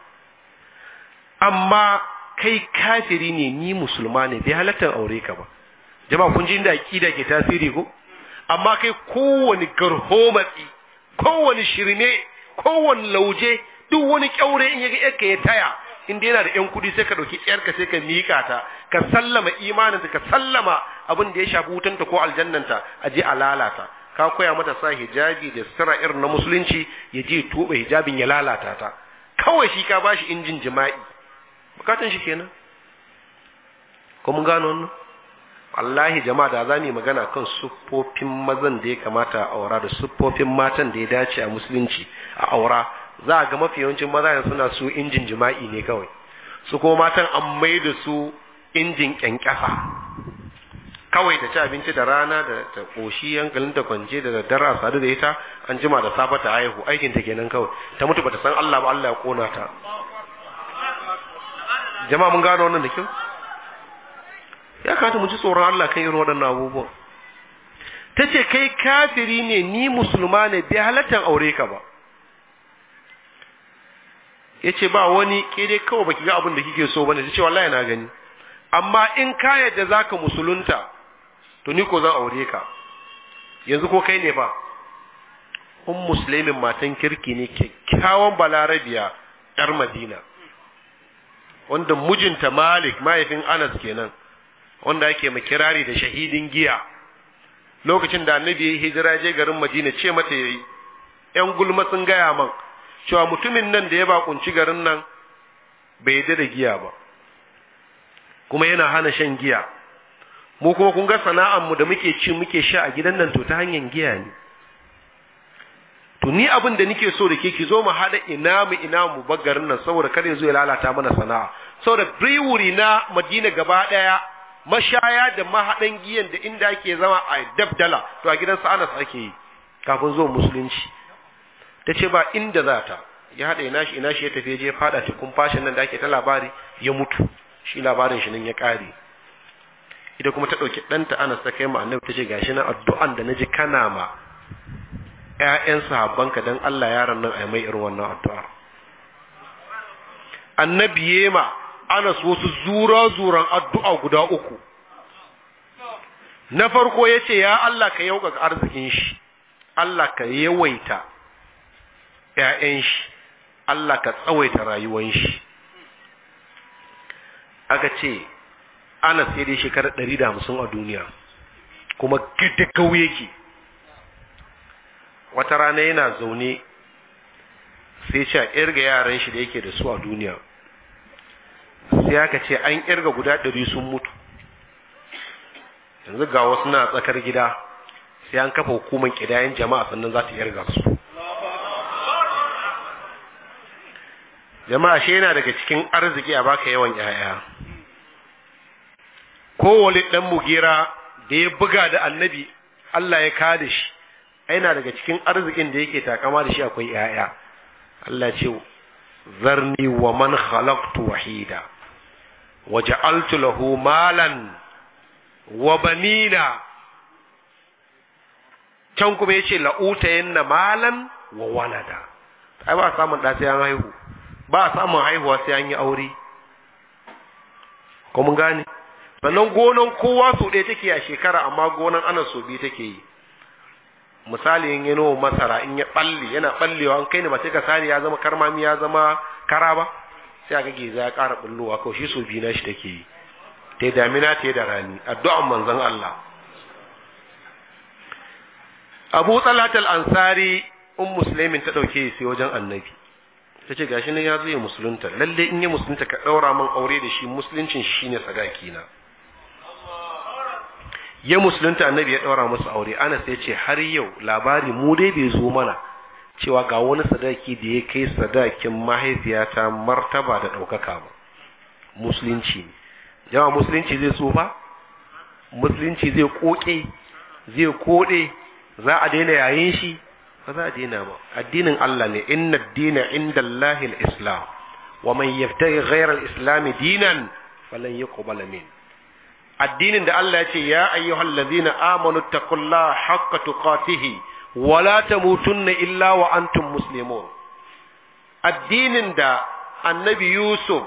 [SPEAKER 2] amma kai kafiri ne ni musulma ne bai halatta aure ka ba jama'a kun ji inda aqida ke tasiri ko amma kai kowane garho matsi kowani shirme kowani lauje duk wani kyaure in yaga yarka ya taya inda yana da yan kudi sai ka dauki yarka sai ka mika ta ka sallama imaninta ka sallama abin da ya shafi wutanta ko aljannanta a je a lalata ka koya mata sa hijabi da sira irin na musulunci ya je tuba hijabin ya lalata ta kawai shi ka bashi injin jima'i bukatan shi kenan ko mun gano wannan wallahi jama'a da za mu magana kan siffofin mazan da ya kamata a aura da siffofin matan da ya dace a musulunci a aura za a ga mafi yawancin maza suna su injin jima'i ne kawai su kuma matan an mai da su injin ƙyankyasa. kawai ta ci abinci da rana da ta koshi yankalin da kwanje da daddare a sadu da ita an jima da safa ta haihu aikin ta kenan kawai ta mutu bata san Allah ba Allah ya kona ta jama'a mun gano wannan da kyau ya kata mu ji tsoron Allah kan irin waɗannan abubuwan ta ce kai kafiri ne ni musulma ne bai halattar aure ka ba ya ce ba wani ke kawai baki ga abin da kike so bane ta ce wallahi na gani amma in ka yadda ka musulunta to ni ko zan aure ka yanzu ko kai ne ba un musulmin matan kirki ne kyakkyawan balarabiya yar madina wanda mijinta malik mahaifin anas kenan wanda ake kirari da shahidin giya lokacin da annabi ya hijira je garin madina ce mata yayi yan gulma sun gaya man cewa mutumin nan da ya bakunci garin nan bai yi da giya ba kuma yana hana shan giya mu kuma kun ga sana'ar mu da muke ci muke sha a gidan nan to ta hanyar giya ne to ni abin da nike so da ke ki zo mu hada ina mu ina mu bagarin nan saboda kada ya zo ya lalata mana sana'a saboda brewery na Madina gaba daya mashaya da mahadan giyan da inda ake zama a dabdala to a gidan Anas ake yi kafin zo musulunci ta ce ba inda za ta ya hada ina shi ina shi ya tafi je fada kun fashin nan da ake ta labari ya mutu shi labarin shi nan ya kare ita kuma ta dauki danta Anas ta kai mu annabi ta ce gashi na addu'an da naji kana ma Ya'yan sahabbanka dan Allah yaron nan ai mai irin wannan addu'a annabi yema anas wasu zura zuran addu'a guda uku na farko yace ya Allah ka yauka arzikin shi Allah ka yawaita 'ya'yan shi Allah ka tsawaita rayuwan shi aka ce anas sai dai shekarar hamsin a duniya kuma gidda kauye yake wata rana yana zaune sai ce a irga yaran shi da yake da su a duniya sai aka ce an irga guda ɗari sun mutu yanzu ga wasu na tsakar gida sai an kafa hukumar ƙidayen jama'a sannan za ta irga su jama'a shi yana daga cikin arziki a baka yawan 'ya'ya kowane ɗan mugira da ya buga da annabi Allah ya kada shi aina daga cikin arzikin da yake takama da shi akwai ƴaƴa Allah ce zarni wa man khalaqtu wahida wa ja'altu lahu malan wa banina can kuma yace utayna malan wa walada ai ba samun da sai an haihu ba samun haihuwa sai an yi aure ko mun gane sannan gonan kowa su ɗaya take a shekara amma gonan ana so biyu take yi misali in yano masara in ya balle yana ballewa an kai ne ba sai ka sani ya zama karmami ya zama kara ba sai aka geza ya ƙara bullowa kawai shi so biyu na shi take yi ta damina ta da rani addu'an manzon Allah Abu Talat al-Ansari um muslimin ta dauke shi wajen annabi ta ce gashi ne ya zo ya musulunta lalle in ya musulunta ka daura min aure da shi musuluncin shine sadaki na ya musulunta annabi ya ɗaura musu aure anas ya ce har yau labari mu dai bai zo mana cewa ga wani sadaki da ya kai sadakin mahaifiyata martaba da ɗaukaka ba musulunci ne jama musulunci zai tsufa musulunci zai koke zai koɗe za a daina yayin shi ba za a daina ba addinin Allah ne inna dina inda Allahil islam wa man yabtaghi ghayra al-islam dinan falan yuqbal min addinin da Allah ya ce ya ayyuhal ladzina amanu taqullaha haqqa tuqatihi wa la tamutunna illa wa antum muslimun addinin da annabi Yusuf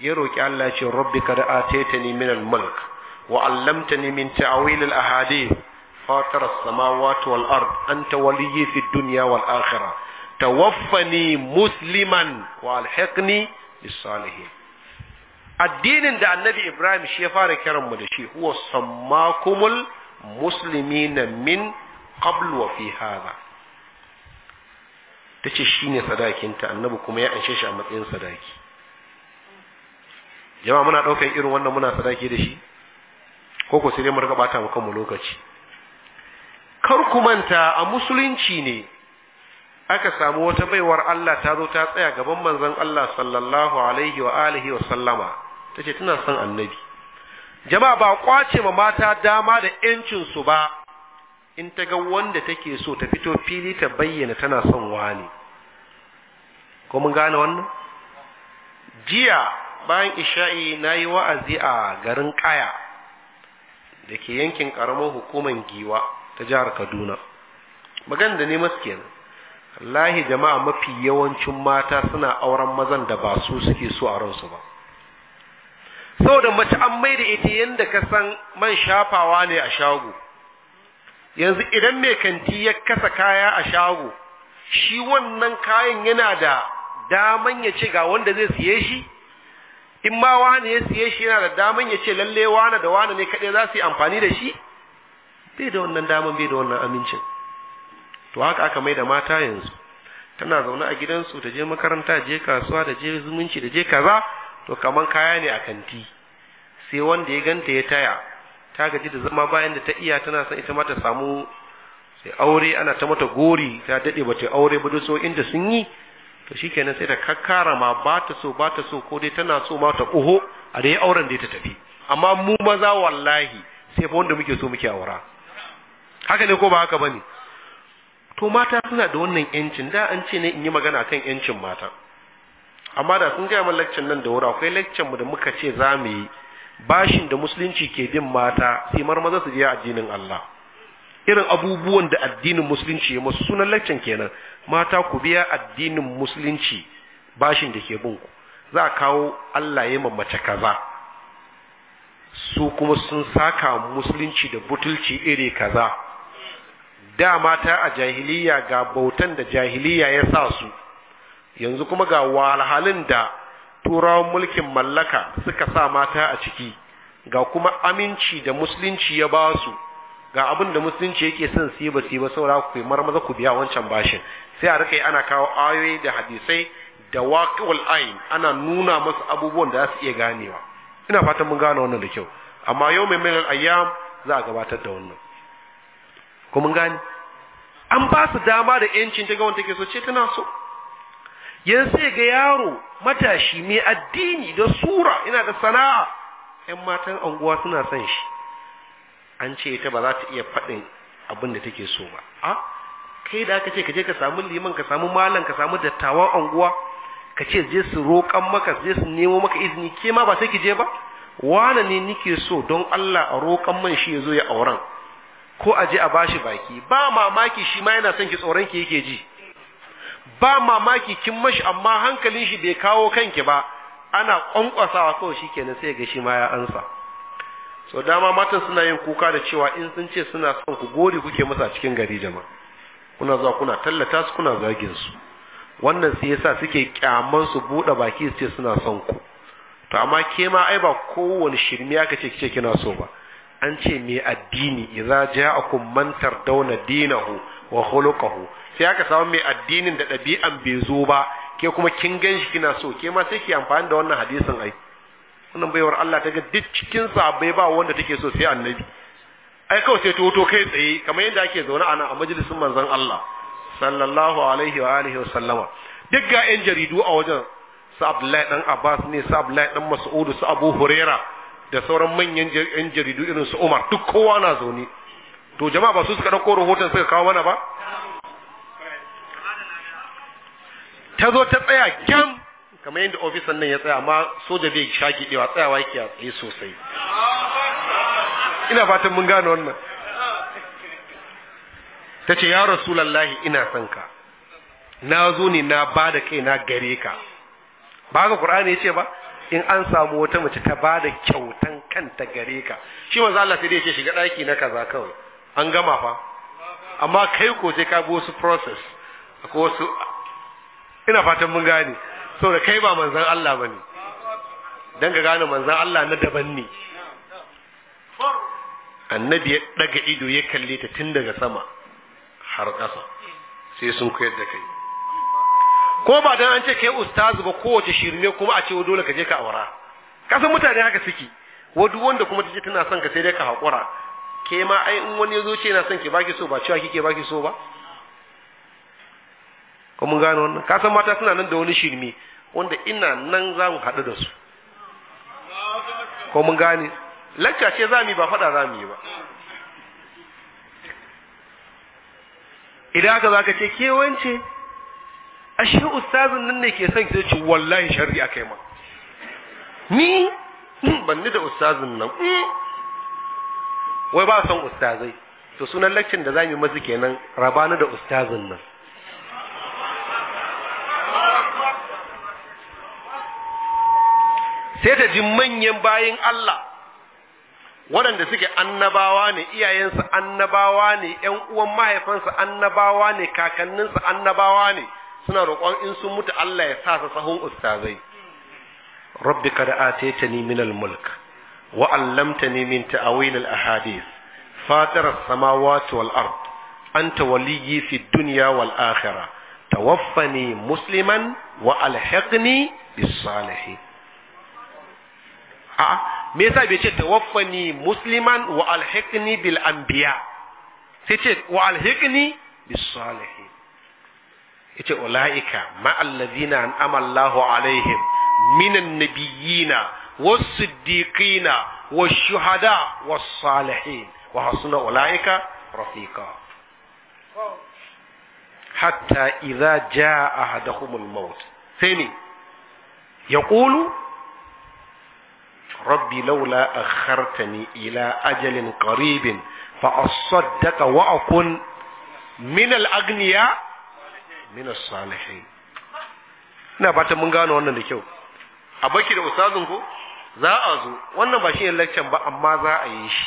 [SPEAKER 2] ya roki Allah ya ce rabbi kad atetani min al-mulk wa 'allamtani min ta'wil al-ahadith fatar as-samawati wal ard anta waliyyi fid dunya wal akhirah tawaffani musliman wa alhiqni bis salihin addinin da annabi ibrahim shi ya fara kiranmu da shi huwa sammakumul muslimina min qabl wa fi hadha tace shine sadakinta annabi kuma ya anshe shi a matsayin sadaki jama'a muna daukar irin wannan muna sadaki da shi ko ko sai dai mu riga bata mu kanmu lokaci kar ku manta a musulunci ne aka samu wata baiwar Allah ta zo ta tsaya gaban manzon Allah sallallahu alaihi wa alihi wa sallama ta ce tana son annabi jama'a ba kwace ma mata dama da su ba in ta ga wanda take so ta fito fili ta bayyana tana son wani ko mun gane wannan jiya bayan isha'i na yi wa'azi a garin kaya da ke yankin karamar hukumar giwa ta jihar kaduna magan da ne masu kenan Allahi jama'a mafi yawancin mata suna auren mazan da ba su suke so a ransu ba saboda mace an mai da ita yadda ka san man shafawa ne a shago yanzu idan mai kanti ya kasa kaya a shago shi wannan kayan yana da daman ya ce ga wanda zai siye shi in ma wani ya siye shi yana da daman ya ce lalle wani da wani ne kaɗai za su yi amfani da shi bai da wannan daman bai da wannan amincin to haka aka mai da mata yanzu tana zaune a gidansu ta je makaranta je kasuwa da je zumunci da je kaza to kaman kaya ne a kanti sai wanda ya ganta ya taya ta gaji da zama bayan da ta iya tana son ita ma ta samu sai aure ana ta mata gori ta daɗe ba ta aure ba so inda sun yi to shikenan sai ta kakkara ma ba ta so ba ta so ko dai tana so ma ta kuho a dai auren da ta tafi amma mu maza wallahi sai fa wanda muke so muke aura haka ne ko ba haka bane to mata suna da wannan yancin da an ce ne in yi magana kan yancin mata amma da sun gaya min lakcin nan da wuri akwai lakcin mu da muka ce za mu yi bashin da musulunci ke bin mata sai marmaza su je addinin Allah irin abubuwan da addinin musulunci ya masu sunan lakcin kenan mata ku biya addinin musulunci bashin da ke bin ku za a kawo Allah ya mamace kaza su kuma sun saka musulunci da butulci iri kaza da mata a jahiliya ga bautan da jahiliya ya sa su yanzu kuma ga walhalin da turawan mulkin mallaka suka sa mata a ciki ga kuma aminci da musulunci ya ba su ga abin da musulunci yake son su yi ba su yi ba saura ku mar maza ku biya wancan bashin sai a rika ana kawo ayoyi da hadisai da waqi'ul ayn ana nuna masu abubuwan da za su iya ganewa ina fatan mun gane wannan da kyau amma yau mai mai ayyam za a gabatar da wannan ko mun gane an ba su dama da yancin ta ga wanda take so ce tana so yanzu ga yaro matashi mai addini da sura yana da sana'a yan matan anguwa suna son shi an ce ita ba za ta iya faɗin abin da take so ba a kai da aka ce ka je ka samu liman ka samu malam ka samu dattawan anguwa ka ce je su roƙan maka je su nemo maka izini ke ma ba sai ki je ba wane ne nike so don Allah a roƙan man shi ya zo ya auren ko a je a bashi baki ba mamaki shi ma yana son ki tsoron ki yake ji ba mamaki kin mashi amma hankalin shi bai kawo kanki ba ana kwankwasawa kawai shi kenan sai ga shi ma ya ansa so dama matan suna yin kuka da cewa in sun ce suna son ku gori kuke musu a cikin gari jama kuna zuwa kuna tallata su kuna zagin su wannan sai yasa suke kyaman su bude baki su ce suna son ku to amma ke ma ai ba kowane shirmi aka ce kice kina so ba an ce me addini idza ja'akum man tardawna dinahu wa khuluquhu sai aka samu mai addinin da ɗabi'an bai zo ba ke kuma kin gan shi kina so ke ma sai ki amfani da wannan hadisin ai wannan baiwar Allah ta ga duk cikin sabai ba wanda take so sai annabi ai kawai sai toto kai tsaye kamar yadda ake zaune a nan a majalisin manzon Allah sallallahu alaihi wa alihi wa sallama duk ga yan jaridu a wajen su Abdullahi dan Abbas ne su Abdullahi dan Mas'ud su Abu Huraira da sauran manyan yan jaridu irin su Umar duk kowa na zaune to jama'a ba su suka dauko rahoton suka kawo mana ba ta zo ta tsaya kyam kamar yadda ofisan nan ya tsaya amma soja bai shagidewa tsayawa yake a tsaye sosai ina fatan mun gane wannan ta ce ya rasulallahi ina son ka na zo ne na ba da kai na gare ka ba ga qur'ani ya ce ba in an samu wata mace ta ba da kyautan kanta gare ka shi manzo Allah sai dai ce shiga daki na kaza kawai an gama fa amma kai ko sai ka bi wasu process akwai wasu ina fatan mun gane saboda kai ba manzan Allah bane dan ga gane manzan Allah na daban ne annabi ya daga ido ya kalle ta tun daga sama har ƙasa sai sun koyar da kai ko ba dan an ce kai ustazu ba kowace shirme kuma a ce dole ka je ka aura kasan mutane haka suke wadu wanda kuma tace tana son ka sai dai ka haƙura ke ma ai in wani ya zo ce yana son ki baki so ba cewa kike baki so ba ko mun gano wannan ka san mata suna nan da wani shirme wanda ina nan za mu haɗu da su ko mun gane lakka ce za mu yi ba faɗa za mu yi ba idan aka za ka ce kewance ashe ustazin nan ne ke son ki ce wallahi a kai ma ni hmm, ban ni da ustazin nan hmm. wai ba son ustazai to sunan lakcin da za mu yi masu kenan rabani da ustazin nan sai ta ji manyan bayan Allah waɗanda suke annabawa ne iyayensu annabawa ne ƴan uwan mahaifansu annabawa ne kakanninsu annabawa ne suna roƙon in sun mutu Allah ya sa su sahun ustazai rabbi kada ta min minal mulk wa 'allamtani min ta'awil al-ahadith fatir samawati wal ard anta waliyyi fi dunya wal akhirah tawaffani musliman wa alhiqni bis salihin a'a me yasa bai ce tawaffani musliman wa alhiqni bil anbiya sai ce wa alhiqni bis salihin yace ulaika ma allazina an'ama Allahu alaihim minan nabiyina was siddiqina was shuhada was salihin wa hasuna ulaika rafiqa hatta idza jaa ahaduhum al maut sai yaqulu rabbi laula akhartani ila ajalin qaribin fa asaddaka wa akun min al agniya, min as-salihin ina mun gano wannan da kyau a baki da ustazin ko za a zo wannan ba shi ne lecture ba amma za a yi shi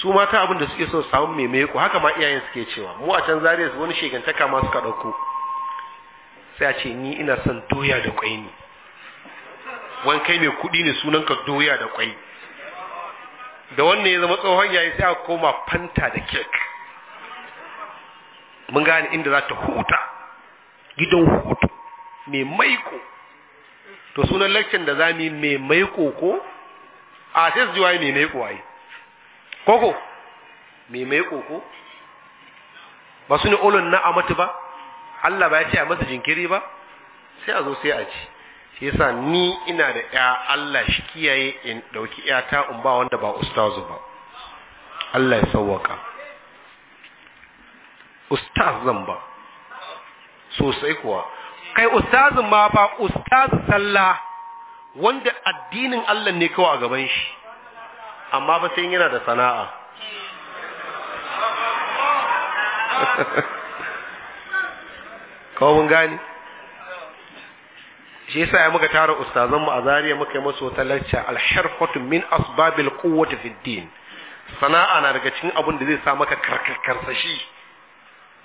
[SPEAKER 2] su mata abin da suke so samu mai maiko haka ma iyayen suke cewa mu a can zariya wani shegantaka ma suka ɗauko sai a ce ni ina son doya da kwai ne wani kai mai kuɗi ne sunan ka doya da kwai da wannan ya zama tsohon yayi sai a koma fanta da kek mun gane inda za ta huta gidan hutu mai maiko to sunan lakcin da za mu yi mai maiko ko a sai su ji mai maiko waye koko mai maiko ko ba su ne olon na amatu ba Allah ba ya ce a masa jinkiri ba sai a zo sai a ci shi yasa ni ina da ya Allah shi kiyaye in dauki ta in ba wanda ba ustazu ba Allah ya sauwaka ustaz zan ba sosai kuwa kai ustazin ma ba ustaz sallah wanda addinin Allah ne kawai a gaban shi amma ba sai yana da sana'a kawai mun gani shi yasa ya muka tara ustazan mu a zariya muka yi musu wata lacca alharfatu min asbabil quwwati fid din sana'a na daga cikin abun da zai sa maka karkarsashi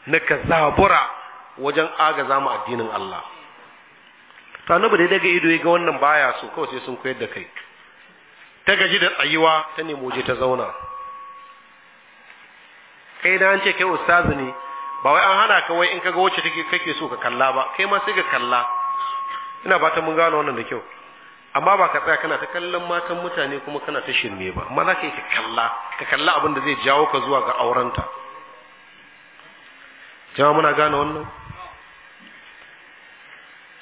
[SPEAKER 2] na ka zabura wajen agaza mu addinin Allah annabi da daga ido ga wannan baya so kawai sai sun koyar da kai ta gaji da tsayuwa ta nemo je ta zauna kai da an ce kai ustazi ne ba wai an hana ka wai in kaga wacce take kake so ka kalla ba kai ma sai ka kalla ina fatan mun gano wannan da kyau amma ba ka tsaya kana ta kallon matan mutane kuma kana ta shirme ba amma za ka yi ka kalla ka kalla abin da zai jawo ka zuwa ga aurenta jama muna gane wannan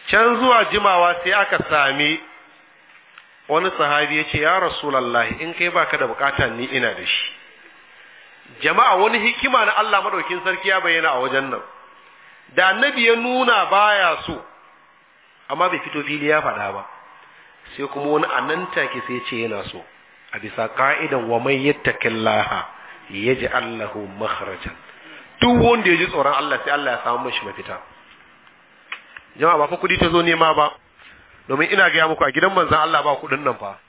[SPEAKER 2] can zuwa jimawa sai aka sami wani sahabi ya ce ya rasulallah in kai baka da bukata ni ina da shi jama'a wani hikima na Allah madaukin sarki ya bayyana a wajen nan da annabi ya nuna baya so amma bai fito fili ya faɗa ba sai kuma wani anan nan take sai ce yana so a bisa ka'idan wa mai yattaqillaha yaj'al lahu makhrajan duk wanda ya ji tsoron Allah sai Allah ya samu mishi mafita jama'a ba fa kudi ta zo nema ba domin ina gaya muku a gidan manzon Allah ba kudin nan fa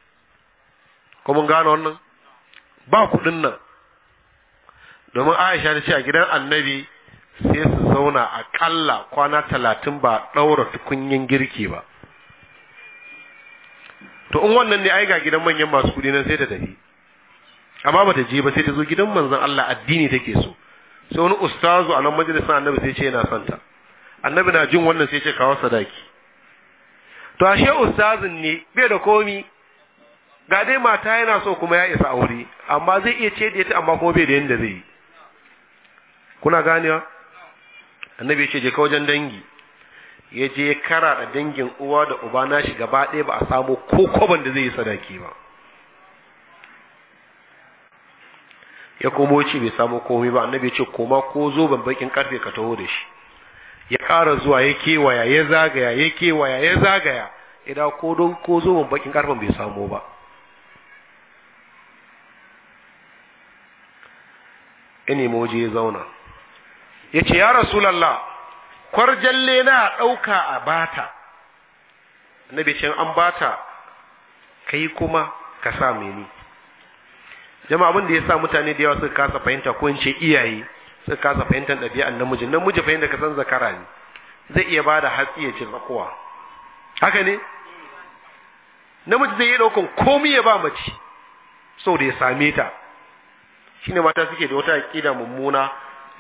[SPEAKER 2] ko mun gano wannan ba kudin nan domin Aisha ta ce a gidan Annabi sai su zauna aƙalla kwana talatin ba ɗaura tukunyin girki ba to in wannan ne ai ga gidan manyan masu kuɗi nan sai ta tafi amma bata je ba sai ta zo gidan manzon Allah addini take so sai wani ustazu a nan majalisar annabi sai ce yana santa annabi na jin wannan sai ce kawo sadaki to ashe ustazin ne bai da komi ga dai mata yana so kuma ya isa aure amma zai iya ce da ita amma ko bai da yanda zai yi kuna ganewa annabi ya ce je ka wajen dangi ya je ya kara da dangin uwa da uba na shi gaba ɗaya ba a samu ko kwaban da zai yi sadaki ba ya komo ce bai samu komai ba annabi ya ce koma ko zo ban bakin karfe ka taho da shi ya ƙara zuwa ya kewaya ya zagaya ya kewaya ya zagaya idan ko don ko zo ban bakin karfen bai samu ba ya nemi ya zauna Yace ya ce ya rasulallah kwarjalle na ɗauka a bata annabi ce an bata kai kuma ka sa meni jama'a abin da ya sa mutane da yawa suka kasa fahimta ko in ce iyaye suka kasa fahimtar ɗabi'an namiji namiji fahimta ka san zakara ne zai iya bada hatsi ya ci tsakuwa haka ne namiji zai yi ɗaukan komai ya ba mace so da ya same ta shine mata suke da wata aƙida mummuna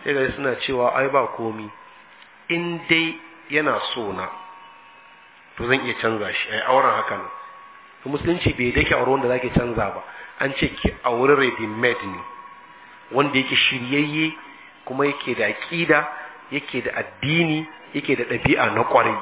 [SPEAKER 2] sai ga suna cewa ai ba komi in dai yana so na to zan iya canza shi ai auren haka ne to musulunci bai dake aure wanda zake canza ba an ce ki aure ready made ne wanda yake shiryayye kuma yake da aqida yake da addini yake da ɗabi'a na kwarai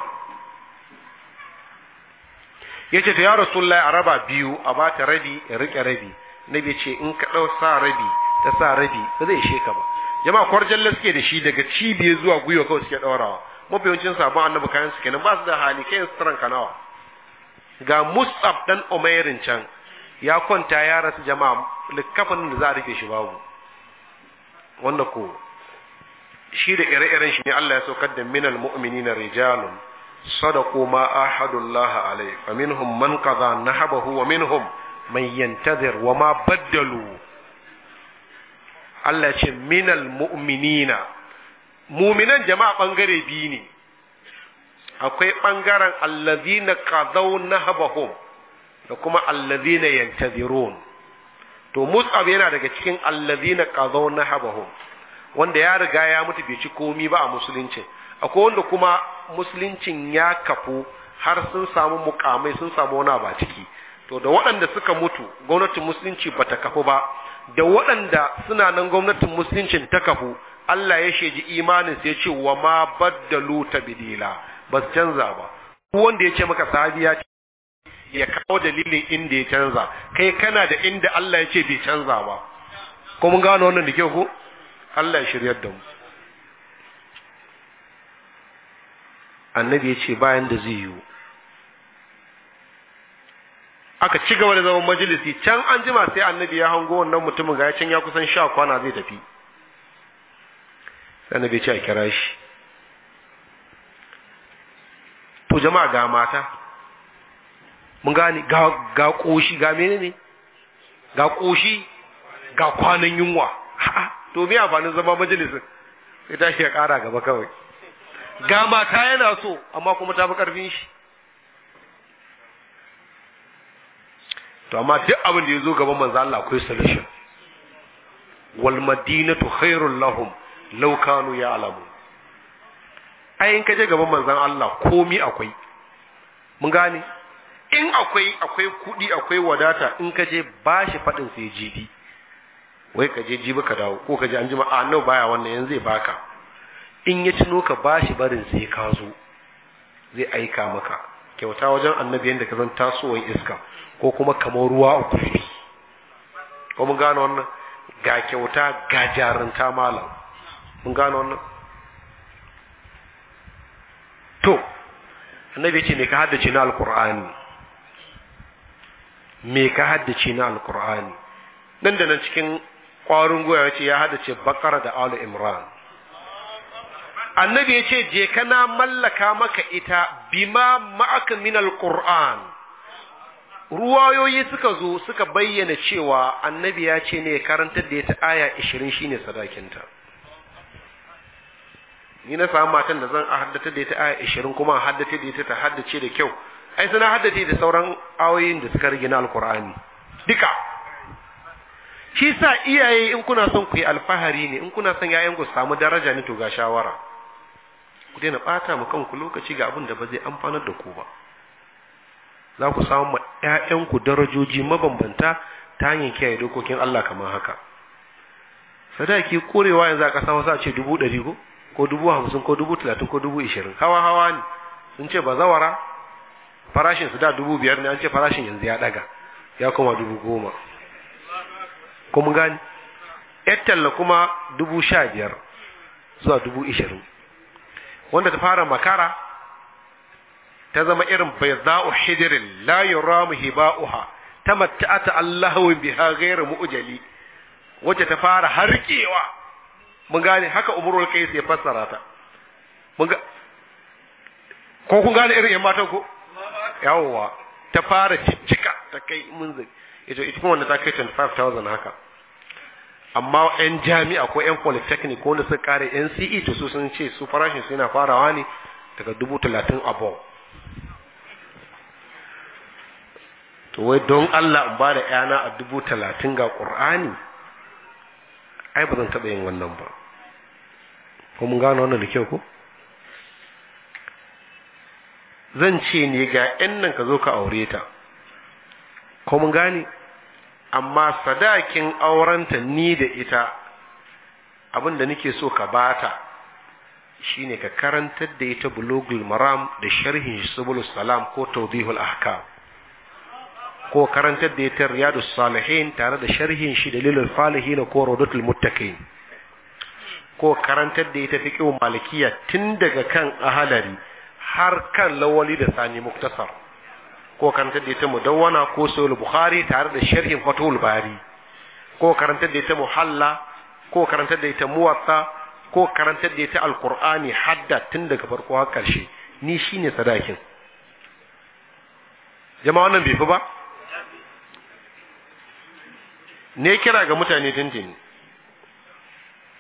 [SPEAKER 2] yace to ya rasulullahi a raba biyu a bata rabi in rike rabi nabi ce in ka ɗau sa rabi ta sa rabi ba zai ishe ka ba jama'a kwarjalla suke da shi daga cibiyar zuwa gwiwa kawai suke ɗaurawa mafiyancin sabon annabi kayan su kenan ba su da hali kayan su ranka nawa ga musab dan umairin can ya kwanta ya rasu jama'a likafin da za a rike shi babu wanda ko shi da ire-iren shi ne Allah ya saukar da minal mu'minina rijalun sadaqu ma ahadullah alai faminhum man qadha nahabahu wa minhum man yantazir wa ma baddalu Allah ce minal mu'minina muminan jama'a bangare biyu ne akwai bangaren allazina qadaw nahbahum da kuma allazina yantazirun to mus'ab yana daga cikin allazina qadaw nahbahum wanda ya riga ya mutu bai ci komi ba a musulunci akwai wanda kuma musuluncin ya kafu har sun samu mukamai sun samu wani ba ciki to da waɗanda suka mutu gwamnatin musulunci bata kafu ba da waɗanda suna nan gwamnatin musuluncin ta kafu Allah ya sheji imanin sai ce wa ma baddalu tabdila ba su canza ba wanda ya ce maka sahabiya ya kawo dalilin inda ya canza kai kana da inda Allah ya ce bai canza ba ko mun gano wannan da kyau ko Allah ya shiryar da mu annabi ya ce bayan da zai yiwu aka ci gaba da zaman majalisi can an jima sai annabi ya hango wannan mutumin ga can ya kusan sha kwana zai tafi sai annabi ce a kira shi to jama'a ga mata mun gane ga koshi ga menene ga koshi ga kwanan yunwa to me amfanin zama majalisin sai tashi ya kara gaba kawai ga mata yana so amma kuma ta fi karfin shi to amma duk abin da ya zo gaban manzo Allah akwai solution wal madinatu khairul lahum law kanu ya'lamu ai in kaje gaban manzo Allah komi akwai mun gane in akwai akwai kudi akwai wadata in kaje bashi fadin sai jibi wai kaje jibi ka dawo ko kaje an jima a ah, nawa baya wannan yanzu zai baka in ya cino ka bashi barin sai ka zo zai aika maka kyauta wajen annabi yadda ka zan tasowar iska ko kuma kamar ruwa a kurfi ko mun gano wannan ga kyauta ga jarinta malam mun gano wannan to annabi ce me ka haddace na alkur'ani me ka haddace na alkur'ani nan da nan cikin kwarin goya ce ya haddace bakar da alu imran annabi ya ce je kana mallaka maka ita bima ma'aka min alquran ruwayoyi suka zo suka bayyana cewa annabi ya ce ne karantar da ita aya 20 shine sadakinta ni na samu matan da zan a haddace da ita aya 20 kuma a haddace da ita ta haddace da kyau ai suna haddace da sauran ayoyin da suka rigina alqur'ani duka shi sa iyaye in kuna son ku yi alfahari ne in kuna son ya'yan ku samu daraja ne to ga shawara ku daina ɓata ma kanku lokaci ga abin da ba zai amfanar da ku ba za ku samu ma 'ya'yanku darajoji mabambanta ta hanyar kiyaye dokokin Allah kamar haka sadaki korewa yanzu a ƙasa wasu a ce dubu ɗari ko ko dubu hamsin ko dubu talatin ko dubu ishirin hawa hawa ne sun ce ba zawara farashin su da dubu biyar ne an ce farashin yanzu ya ɗaga ya koma dubu goma kuma gani yar talla kuma dubu sha biyar zuwa dubu ishirin wanda ta fara makara ta zama irin bai za'u hidirin la yuramu hiba'uha ta matta'ata allahu biha ghairu mu'jali wacce ta fara harkewa mun gane haka umrul qais ya fassara ta mun ga ko kun gane irin yan matan ko yawwa ta fara ciccika ta kai mun zai ita ita kuma wanda ta kai 25000 haka amma yan jami'a ko yan polytechnic ko wanda suka kare NCE to su sun ce su farashin su yana farawa ne daga dubu talatin bau. to wai don Allah in ba da yana a dubu talatin ga ƙur'ani ai ba zan taɓa yin wannan ba ko mun gano wannan da kyau ko zan ce ne ga yan nan ka zo ka aure ta ko mun gane amma sadakin aurenta ni da ita abin da nake so ka bata shine ka karantar da ita bulugul maram da sharhin subul salam ko tawdihul ahkam ko karantar da ita riyadus salihin tare da sharhin shi dalilul falihin ko rodotul muttaqin ko karantar da ita fiqhu malikiya tun daga kan ahalari har kan lawali da sani muktasar ko karantar da ita mudawwana ko sahih bukhari tare da sharhin fatul bari ko karantar da ita muhalla ko karantar da ita muwatta ko karantar da ita alqur'ani hadda tun daga farko har karshe ni shine sadakin jama'a wannan bai fi ba ne kira ga mutane dindin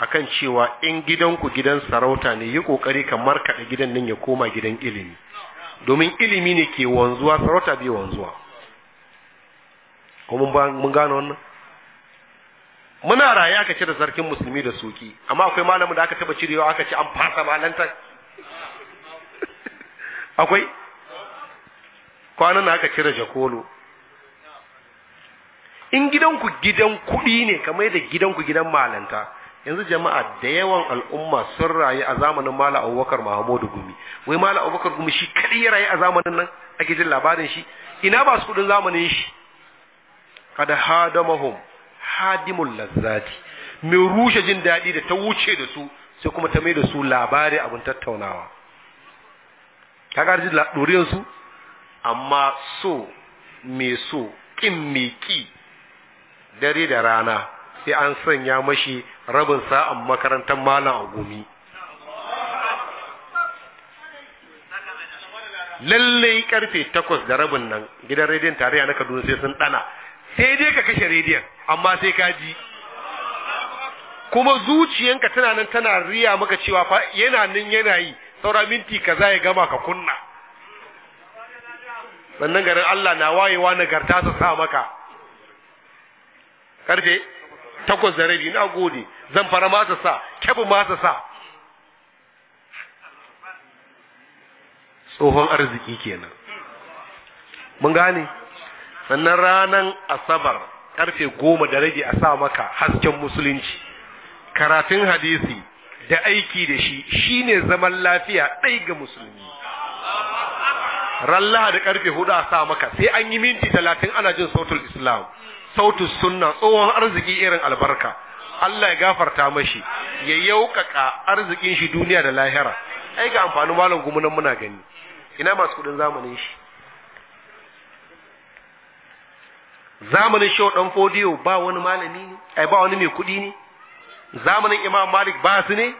[SPEAKER 2] akan cewa in gidanku gidan sarauta ne yi kokari ka markaɗa gidan nan ya koma gidan ilimi domin ilimi ne ke wanzuwa sarauta bai wanzuwa kuma mun gano wannan muna raye aka cire sarkin musulmi da soki amma akwai malamin da aka taba cirewa aka ce an fasa malanta akwai kwanan aka cire jakolo in gidanku gidan kuɗi ne kamar da gidanku gidan malanta yanzu jama'a da yawan al'umma sun rayu a zamanin Malam abubakar mahamudu gumi wai Malam abubakar gumi shi kadai ya rayu a zamanin nan ake jin labarin shi ina ba su kudin zamanin shi kada hadamahum hadimul lazzati mai rushe jin daɗi da ta wuce da su sai kuma ta mai da su labari abin tattaunawa Ta garji ɗoriyar su amma so mai so ƙin me ƙi dare da rana sai an sanya mashi rabin sa'an makarantar malam a gumi lallai karfe takwas da rabin nan gidan rediyon tarayya na kaduna sai sun ɗana sai dai ka kashe rediyon amma sai ka ji kuma zuciyanka tana nan tana riya maka cewa fa yana nan yana yi saura minti kaza ya gama ka kunna sannan garin Allah na wayewa nagarta su sa maka karfe takwas da rabi na gode zan fara masa sa kebu masa sa tsohon arziki kenan mun gane sannan ranan asabar karfe goma da rabi a sa maka hasken musulunci karatun hadisi da aiki da shi shine zaman lafiya ɗai ga musulmi ran laha da karfe hudu a sa maka sai an yi minti talatin ana jin sautul islam sautu sunna tsohon arziki irin albarka Allah ya gafarta mashi ya yaukaka arzikin shi duniya da lahira ai ga amfanin malam gumunan muna gani ina masu kudin zamanin shi zamanin shi dan fodiyo ba wani malami ne ai ba wani mai kudi ne zamanin imam malik ba su ne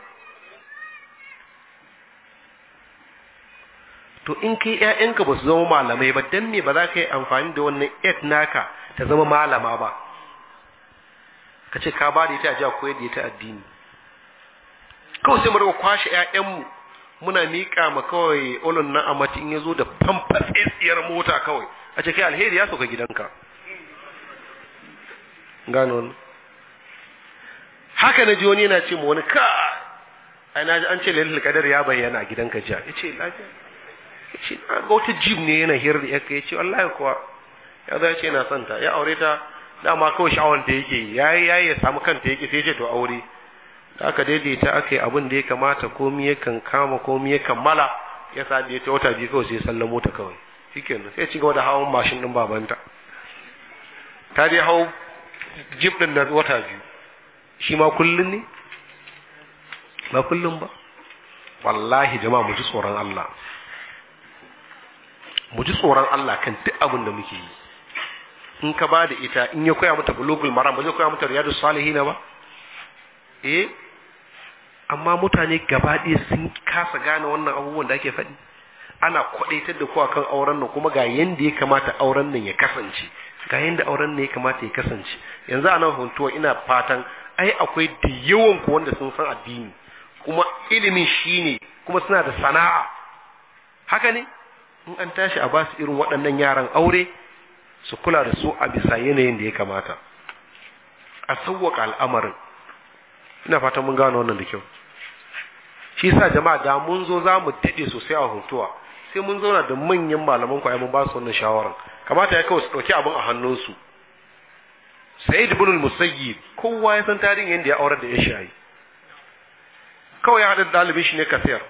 [SPEAKER 2] to in kai ƴaƴanka ba su zama malamai ba dan me ba za ka yi amfani da wannan et naka ta zama malama ba ka ce ka ba da ita a jiya koyar da ita addini kawai sai mu rika kwashe ƴaƴanmu muna miƙa ma kawai olon na amati in ya zo da famfar tsiyar mota kawai a ce kai alheri ya sauka gidanka gano haka na ji wani yana ce ma wani ka ai na ji an ce lalil kadar ya bayyana a gidanka jiya ya ce lafiya shi ga wata jib ne yana hirar da ya ce wallahi kuwa ya zai ce yana son ta ya aure ta dama kawai sha'awar da yake yayi yayi ya samu kanta yake sai ce to aure da aka daidaita aka yi abin da ya kamata komi ya kan kama komi ya kammala ya sa da ya ta wata biyu kawai sai sallamo ta kawai shikenan sai ci gaba da hawan mashin din babanta ta dai hau jib din na wata biyu shi ma kullun ne ba kullun ba wallahi jama'a mu ji tsoron Allah mu ji tsoron Allah kan duk abin da muke yi in ka ba da ita in ya koya mata bulugul maram ba zai koya mata riyadu na ba eh amma mutane gaba ɗaya sun kasa gane wannan abubuwan da ake faɗi ana kwaɗaitar da kowa kan auren nan kuma ga yanda ya kamata auren nan ya kasance ga yanda auren nan ya kamata ya kasance yanzu a nan huntuwa ina fatan ai akwai da yawan ku wanda sun san addini kuma ilimin shine kuma suna da sana'a haka ne in an tashi a ba su irin waɗannan yaran aure su kula da su a bisa yanayin da ya kamata a sauwaka al'amarin ina fatan mun gano wannan da kyau shi sa jama'a da mun zo za mu daɗe sosai a hutuwa sai mun zauna da manyan malaman kwaya mun ba su wannan shawaran kamata ya kawai su ɗauki abin a hannunsu sa'id da al-musayyib kowa ya san tarihin yadda ya aurar da ya shayi kawai ya haɗa da ɗalibin shi ne kasiyar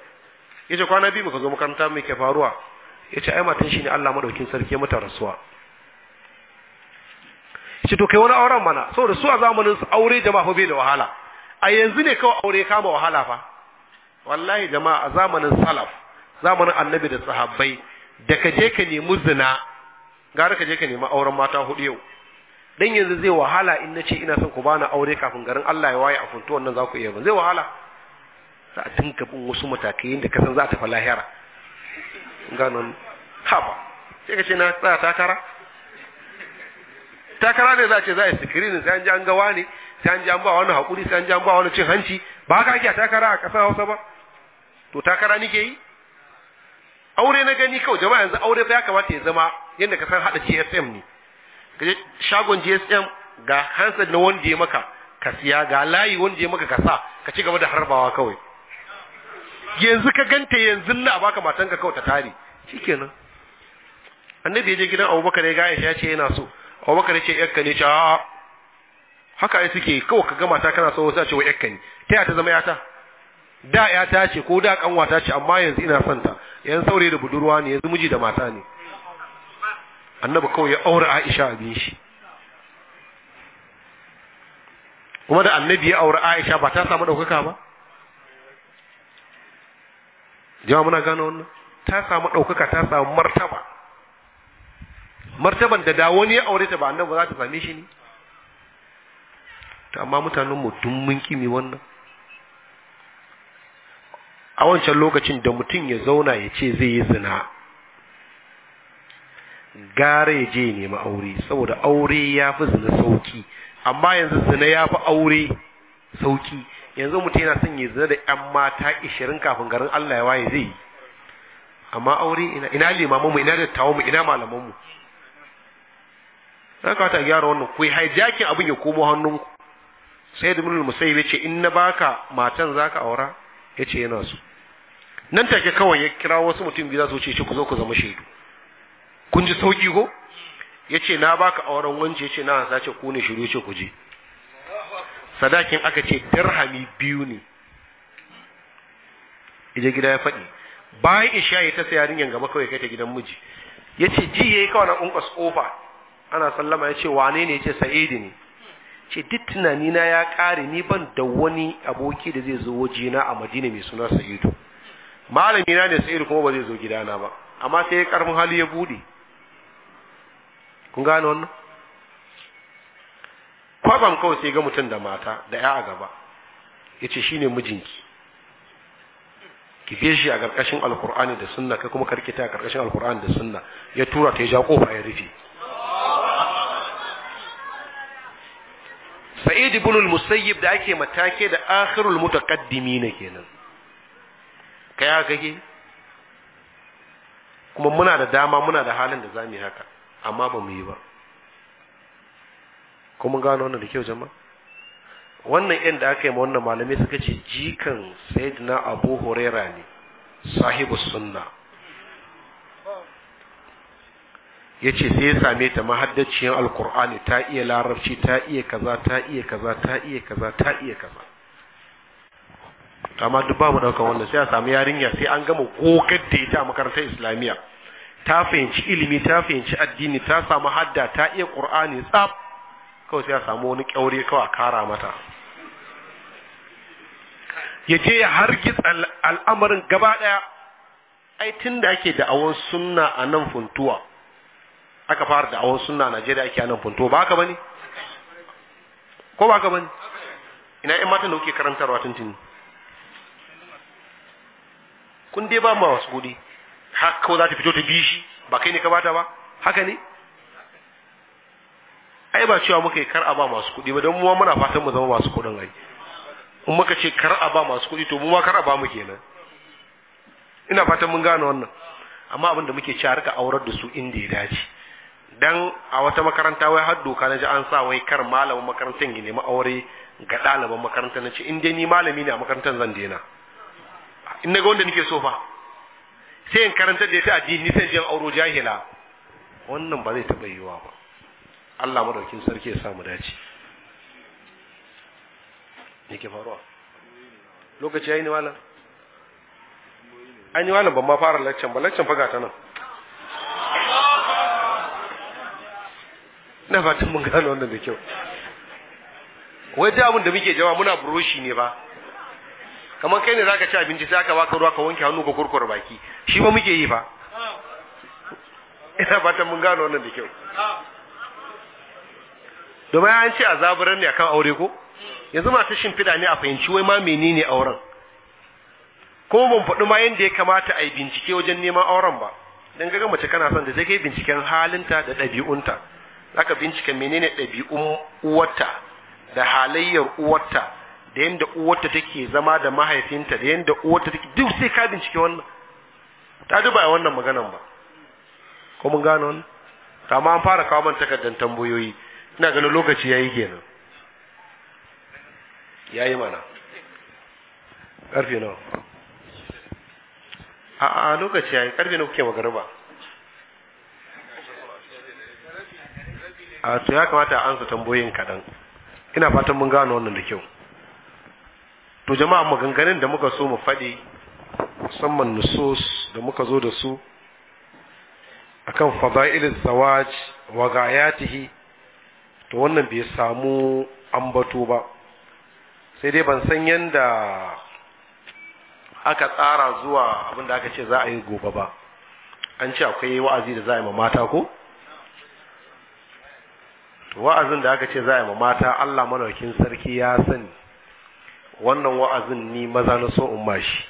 [SPEAKER 2] yace kwana biyu ka zo makaranta mai ke faruwa ya ce ai matan shi ne Allah madaukin sarki mata rasuwa shi to kai wani auren mana da su a zamanin su aure jama'a fa bai da wahala a yanzu ne kawai aure kama wahala fa wallahi jama'a a zamanin salaf zamanin annabi da sahabbai da ka je ka nemi zina gara ka je ka nemi auren mata hudu yau dan yanzu zai wahala in na ce ina son ku bani aure kafin garin Allah ya waye a funtu wannan za ku iya ba zai wahala za a dinka bin wasu matakai da kasan za ta fa lahira ganin haba sai ka ce na tsaya takara takara ne za a ce za a yi sikirin sai an ji an gawa ne sai an ji an ba wani haƙuri sai an ji an ba wani cin hanci ba ka ake takara a ƙasar hausa ba to takara nike yi aure na gani kawai jama'a yanzu aure fa ya kamata ya zama yadda ka san haɗa gsm ne ka je shagon gsm ga hansa na wanda ya maka ka siya ga layi wanda ya maka ka sa ka ci gaba da harbawa kawai yanzu ka ganta yanzu na a baka matanka kawai ta tare shikenan annabi ya je gidan abubakar ya gaya ya ce yana so abubakar ya ce yakka ne cewa a haka ai suke kawai ka ga mata kana so wasu ce wa yakka ne ta yata ta zama yata da yata ce ko da kanwa ta ce amma yanzu ina son ta yan saurayi da budurwa ne yanzu miji da mata ne annabi kawai ya aure Aisha bin shi kuma da annabi ya aure Aisha ba ta samu ɗaukaka ba jama'a muna gano wannan ta samu ɗaukaka ta samu martaba martaban da da wani ya aure ta ba annabi za ta same shi ne to amma mutanen mu tun mun kimi wannan a wancan lokacin da mutum ya zauna ya ce zai yi zina gara ya je nema aure saboda aure ya fi zina sauki amma yanzu zina ya fi aure sauki yanzu mutum yana son ya zina da yan mata ishirin kafin garin Allah ya waye zai yi amma aure ina ina limamin mu ina tawo mu ina malaman mu Zan ka ta gyara wannan ku hijakin abin ya komo hannunku sai da mulul ya ce in na baka matan zaka aura ya ce yana so nan take kawai ya kira wasu mutum biyu za su wuce shi ku zo ku zama shaidu kun ji sauki ko Ya ce na baka auren ya ce na sace ku ne shiru ce ku je sadakin aka ce dirhami biyu ne ije gida ya faɗi bayan isha ya ta yarinyar gaba kawai kai ta gidan miji ya ce ji ya yi kawai na ƙunƙas ƙofa ana sallama ya ce wane ne ya ce sa'idi ne ce duk tunani na ya ƙare ni ban da wani aboki da zai zo wajena a madina mai suna sa'idu malami na ne sa'idu kuma ba zai zo gidana ba amma sai ya ƙarfin hali ya buɗe kun gane wannan kwabam kawai sai ga mutum da mata da ya a gaba ya ce shi ne mijinki ki shi a ƙarƙashin alkur'ani da sunna kai kuma karkita a ƙarƙashin alkur'ani da sunna ya tura ta ya ja ƙofa ya rufe sa'id ibn al-musayyib da ake matake da akhirul mutaqaddimi ne kenan kai haka ke kuma muna da dama muna da halin da zamu yi haka amma ba mu yi ba ko mun gano wannan da kyau jama'a wannan yan da aka yi ma wannan malamai suka ce jikan sayyidina abu huraira ne sahibu sunna ya ce sai ya same ta mahaddaciyar alkur'ani ta iya larabci ta iya kaza ta iya kaza ta iya kaza ta iya kaza amma duk babu daukan wannan sai a samu yarinya sai an gama gogar da ita a makarantar islamiyya ta fahimci ilimi ta fahimci addini ta samu hadda ta iya qur'ani tsaf kawai sai a samu wani kyaure kawai a kara mata ya je ya hargitsa al'amarin gaba ɗaya ai tun da ake da'awar sunna a nan funtuwa aka fara da'awar sunna a najeriya ake a nan funtuwa ba ka ba ko ba ka ba ina yan matan da kuke karantarwa tuntuni kun dai ba ma wasu gudi haka za ta fito ta bi shi ba kai ne ka bata ba haka ne ai ba cewa muka yi kar a ba masu kuɗi ba don mu muna fatan mu zama masu kuɗin ai in muka ce kar a ba masu kuɗi to mu ma kar a ba mu kenan ina fatan mun gane wannan amma abin da muke cewa rika aurar da su inda ya dace dan a wata makaranta wai har doka na ji an sa wai kar malamin makarantar ya nemi aure ga ɗaliban makarantar na ce in dai ni malami ne a makarantar zan daina in na ga wanda nake so fa sai in karanta da ya ta addini sai jiyan auro jahila wannan ba zai taɓa yiwuwa ba Allah madaukin sarki ya sa mu dace me ke faruwa lokaci yayi ne malam an yi wala ban ma fara laccan ba laccan faga ta nan na fatan mun gano wannan da kyau wai ta abin da muke jawa muna buroshi ne ba kamar kai ne zaka ci abinci sai aka baka ruwa ka wanke hannu ka kurkure baki shi ba muke yi ba ina fatan mun gano wannan da kyau domin an ce a zaburar ne a kan aure ko yanzu masu shimfiɗa ne a fahimci wai ma menene auren Kuma ban faɗi ma yadda ya kamata a yi bincike wajen neman auren ba dan gaga mace kana son da sai kai binciken halinta da ɗabi'unta aka bincika menene ɗabi'un uwarta da halayyar uwarta da yadda uwarta take zama da mahaifinta da yadda uwarta take duk sai ka bincike wannan ta duba a wannan maganan ba ko mun gano wannan amma an fara kawo man takardar tambayoyi ina ganin lokaci ya yi kenan yi mana karfe nawa a a lokaci yi karfe nawa kuke magariba a to ya kamata a ansa tambayoyin kaɗan ina fatan mun gano wannan da kyau to jama'a maganganun da muka so mu faɗi musamman nusos da muka zo da su akan fada'ilin zawaj wa gayatihi to wannan bai samu ambato ba sai dai ban san yadda aka tsara zuwa abin da aka ce za a yi gobe ba an ce akwai wa'azi da za a yi ma mata ko wa'azin da aka ce za a yi ma mata Allah malaukin sarki ya sani wannan wa'azin ni maza na so in mashi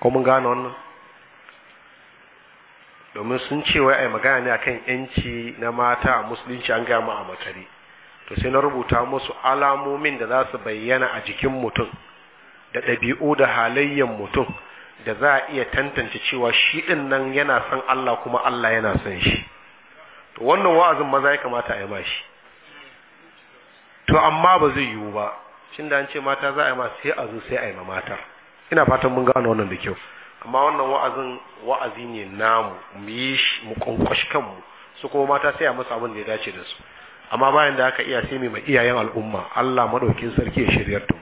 [SPEAKER 2] ko mun gane wannan domin sun ce wai ai magana ne akan yanci na mata a musulunci an mu a makare to sai na rubuta musu alamomin da za su bayyana a jikin mutum da ɗabi'u da halayyan mutum da za a iya tantance cewa shi ɗin nan yana san Allah kuma Allah yana son shi to wannan wa'azin maza ya kamata a yi ma shi to amma ba zai yiwu ba shin da an ce mata za a yi ma sai a zo sai a yi ma mata, ina fatan mun gane wannan da kyau amma wannan wa'azin wa'azi ne namu mu yi shi mu kwankwashi kanmu su kuma mata sai a masa abin da ya dace da su amma bayan da aka iya sai mai iyayen al'umma Allah madaukin sarki ya shiryar ta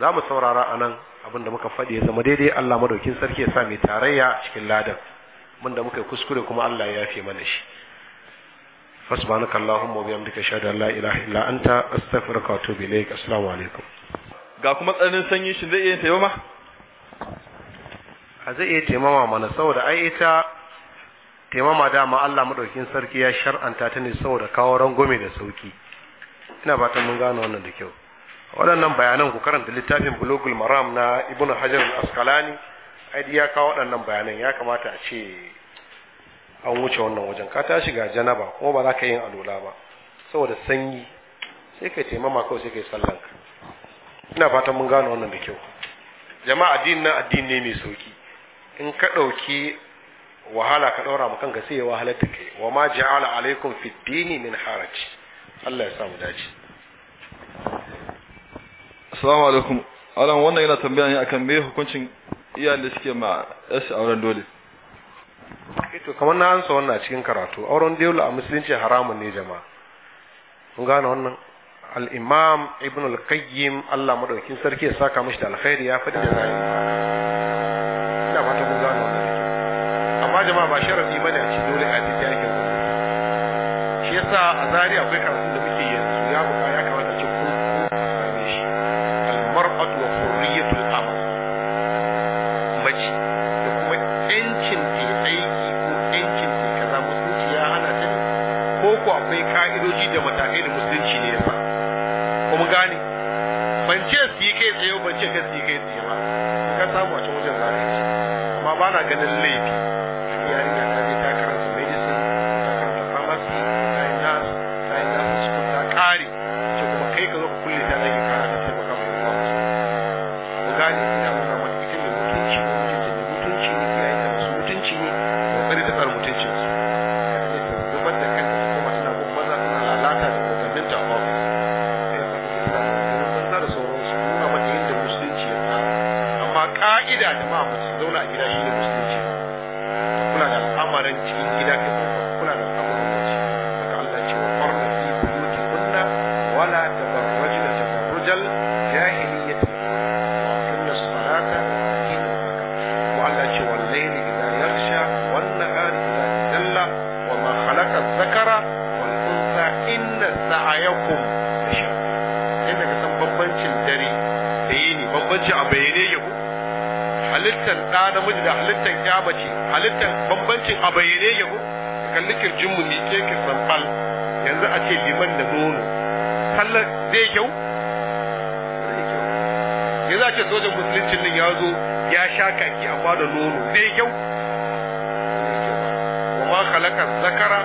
[SPEAKER 2] za mu saurara a nan abin da muka faɗi ya zama daidai Allah madaukin sarki ya sa mai tarayya cikin ladan mun da muka yi kuskure kuma Allah ya yafe mana shi فسبحانك اللهم وبحمدك اشهد ان لا اله الا انت استغفرك واتوب اليك السلام عليكم
[SPEAKER 1] ga kuma tsananin sanyi shi zai
[SPEAKER 2] iya sayo ma a zai iya taimama mana saboda ai ita taimama dama Allah madaukin sarki ya shar'anta ta ne saboda kawo rangwame da sauki ina fatan mun gano wannan da kyau waɗannan bayanan ku karanta littafin bulogul maram na ibnu hajar askalani ai ya kawo waɗannan bayanan ya kamata a ce an wuce wannan wajen ka ta shiga janaba kuma ba za ka yin alola ba saboda sanyi sai kai taimama kawai sai kai sallanka ina fatan mun gano wannan da kyau jama'a addinin na addini ne mai sauki in ka ɗauki wahala ka ɗaura mu kanka sai ya wahalar da kai wa ma ja'ala alaikum fi dini min haraji Allah ya samu dace
[SPEAKER 1] assalamu alaikum alam wannan yana tambaya ne akan me hukuncin iyayen da suke ma yas auren dole
[SPEAKER 2] eh to kamar na ansa wannan cikin karatu auren dole a musulunci haramun ne jama'a kun gane wannan al-imam ibn al-qayyim Allah madaukin sarki ya saka mishi da alkhairi ya faɗi da jama'a ba sharafi bane a cikin dole a ji yake shi yasa a zari akwai karatu da muke
[SPEAKER 3] yanzu ya buka ya kamata ce ku same shi al-mar'atu wa al amal mace da kuma yancin ta aiki ko yancin ta kaza musulunci ya hana ta ko ko akwai ka'idoji da matakai da musulunci ne ya sa kuma gane ban ce su yi kai tsaye ban ce ka su yi kai tsaye ba ka samu a cikin wajen zari amma ba na ganin laifi Yeah.
[SPEAKER 2] namiji da halittar ya bace halittar bambancin a bayyane yabo kalli kirjin mu mike ki sanfal yanzu a ce liman da nono sallar zai kyau ya a ce sojan musuluncin nan ya zo ya sha kaki a bada nono zai kyau wa ma khalaqa zakara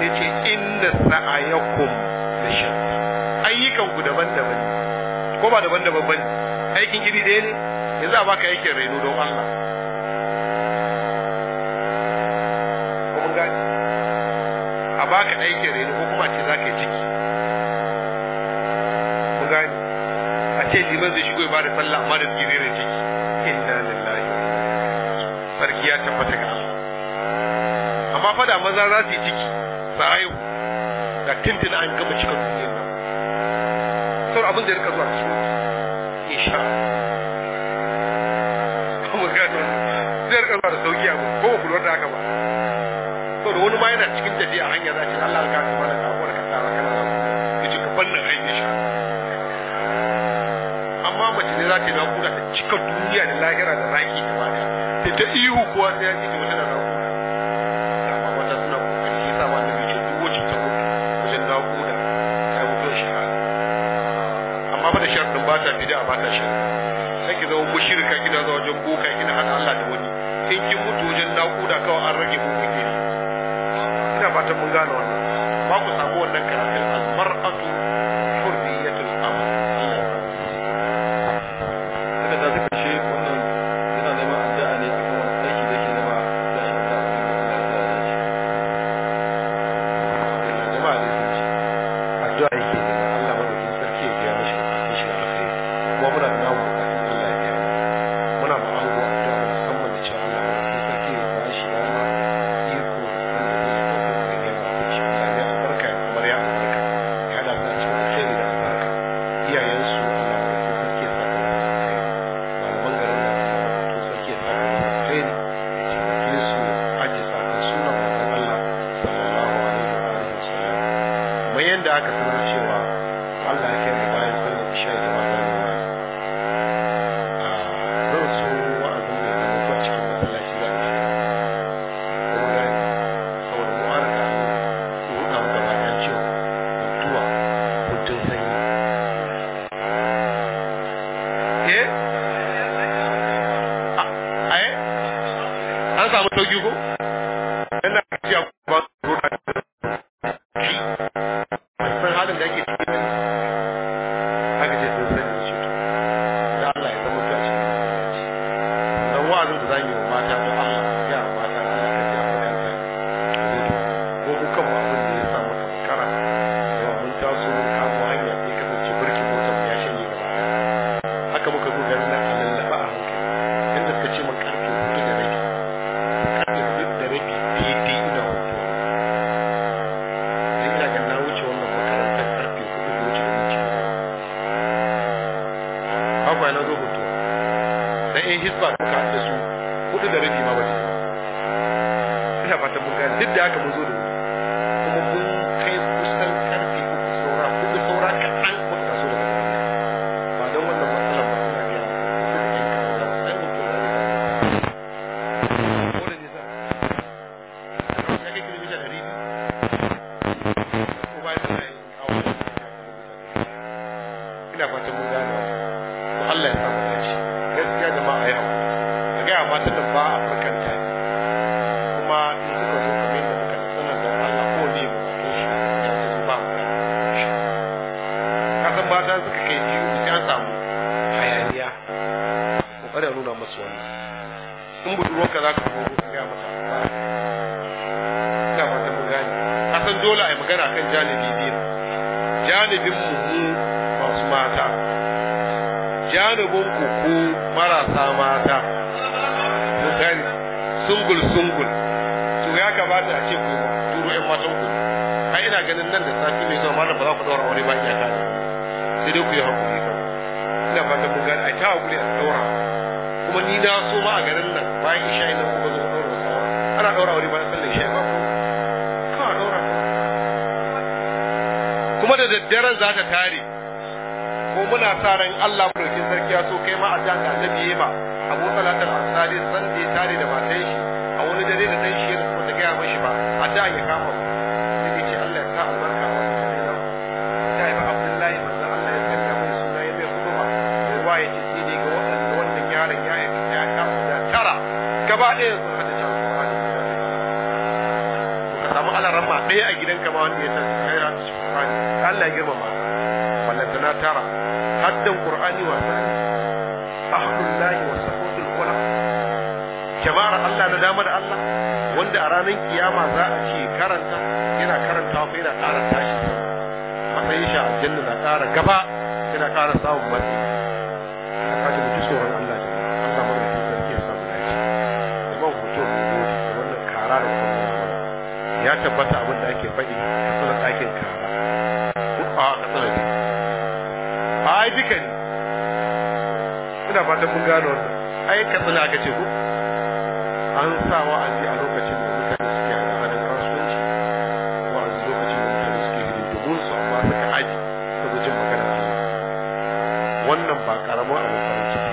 [SPEAKER 2] ce inda sa'ayakum da shatta ayyukan ku daban-daban ko ba daban-daban ba aikin iri ɗaya ne yanzu a baka aikin raino don Allah haka ɗan yake reno ko kuma ce za ka yi ciki
[SPEAKER 3] ku gani a ce liman zai shigo ya bada sallah amma da tsiririn ciki inna lillahi sarki ya tabbata ga Allah amma fada maza za su yi ciki su haihu da tintin an gama cika duniya nan sauran abin da ya rika zuwa cikin insha Allah ji a hanya za ki Allah ka ta da abuwar ka tsara kana zama yace ka fannin aiki shi amma mace ne za ta yi nakuda ta cika duniya da lahira da zaki gaba daya sai ta ihu kowa sai ya ta wata da nakuda amma mata suna kokari shi yasa wannan bai ce duk wacce ta mutu wajen nakuda ta mutu shi amma ba da sharɗin ba ta bida ba ta sharɗin zama mushirka kina zuwa wajen boka kina hada Allah da wani in kin mutu wajen nakuda kawai an rage fatan mun gane wannan babu ku wannan karatun bari ya nuna masu wani in budurwarka za ka koro ka gaya mata ina fatan mu gane asan dole a yi magana kan janibi biyar janibin mu masu mata janibin ku ku marasa mata mun gane sungul sungul
[SPEAKER 2] to ya kamata a ce ku turo yan matan ku ai ina ganin nan da safi mai zuwa malam ba za ku daura
[SPEAKER 3] aure ba iyaka sai dai ku yi hakuri ka ina fatan mun gane a ta hakuri a daura kuma ni na so ma a garin nan bayan isha ina kuka zo ɗaura sawa ana ɗaura wani bayan sallar isha ba a ɗaura
[SPEAKER 2] kuma da daddaren za ta tare ko muna sa ran Allah mu sarki ya so kai ma a jan da
[SPEAKER 3] annabi ma Abu Salatul Ansari san da tare da matan shi tara haddan qur'ani wasa ne
[SPEAKER 2] ahlullahi wa sahutul jama'ar Allah na dama da Allah wanda a ranar
[SPEAKER 3] kiyama za a ce karanta yana karantawa fa yana ƙara tashi matsayin shi aljanna na ƙara gaba yana ƙara samun matsayi fatan mun gano wannan ai ka tsina aka ce ko an sa wa'azi a lokacin da mutane suke hada hada kasuwanci wa'azi lokacin da mutane suke hidin domin su amma suka aji suka jin magana wannan ba karamar abin farin ciki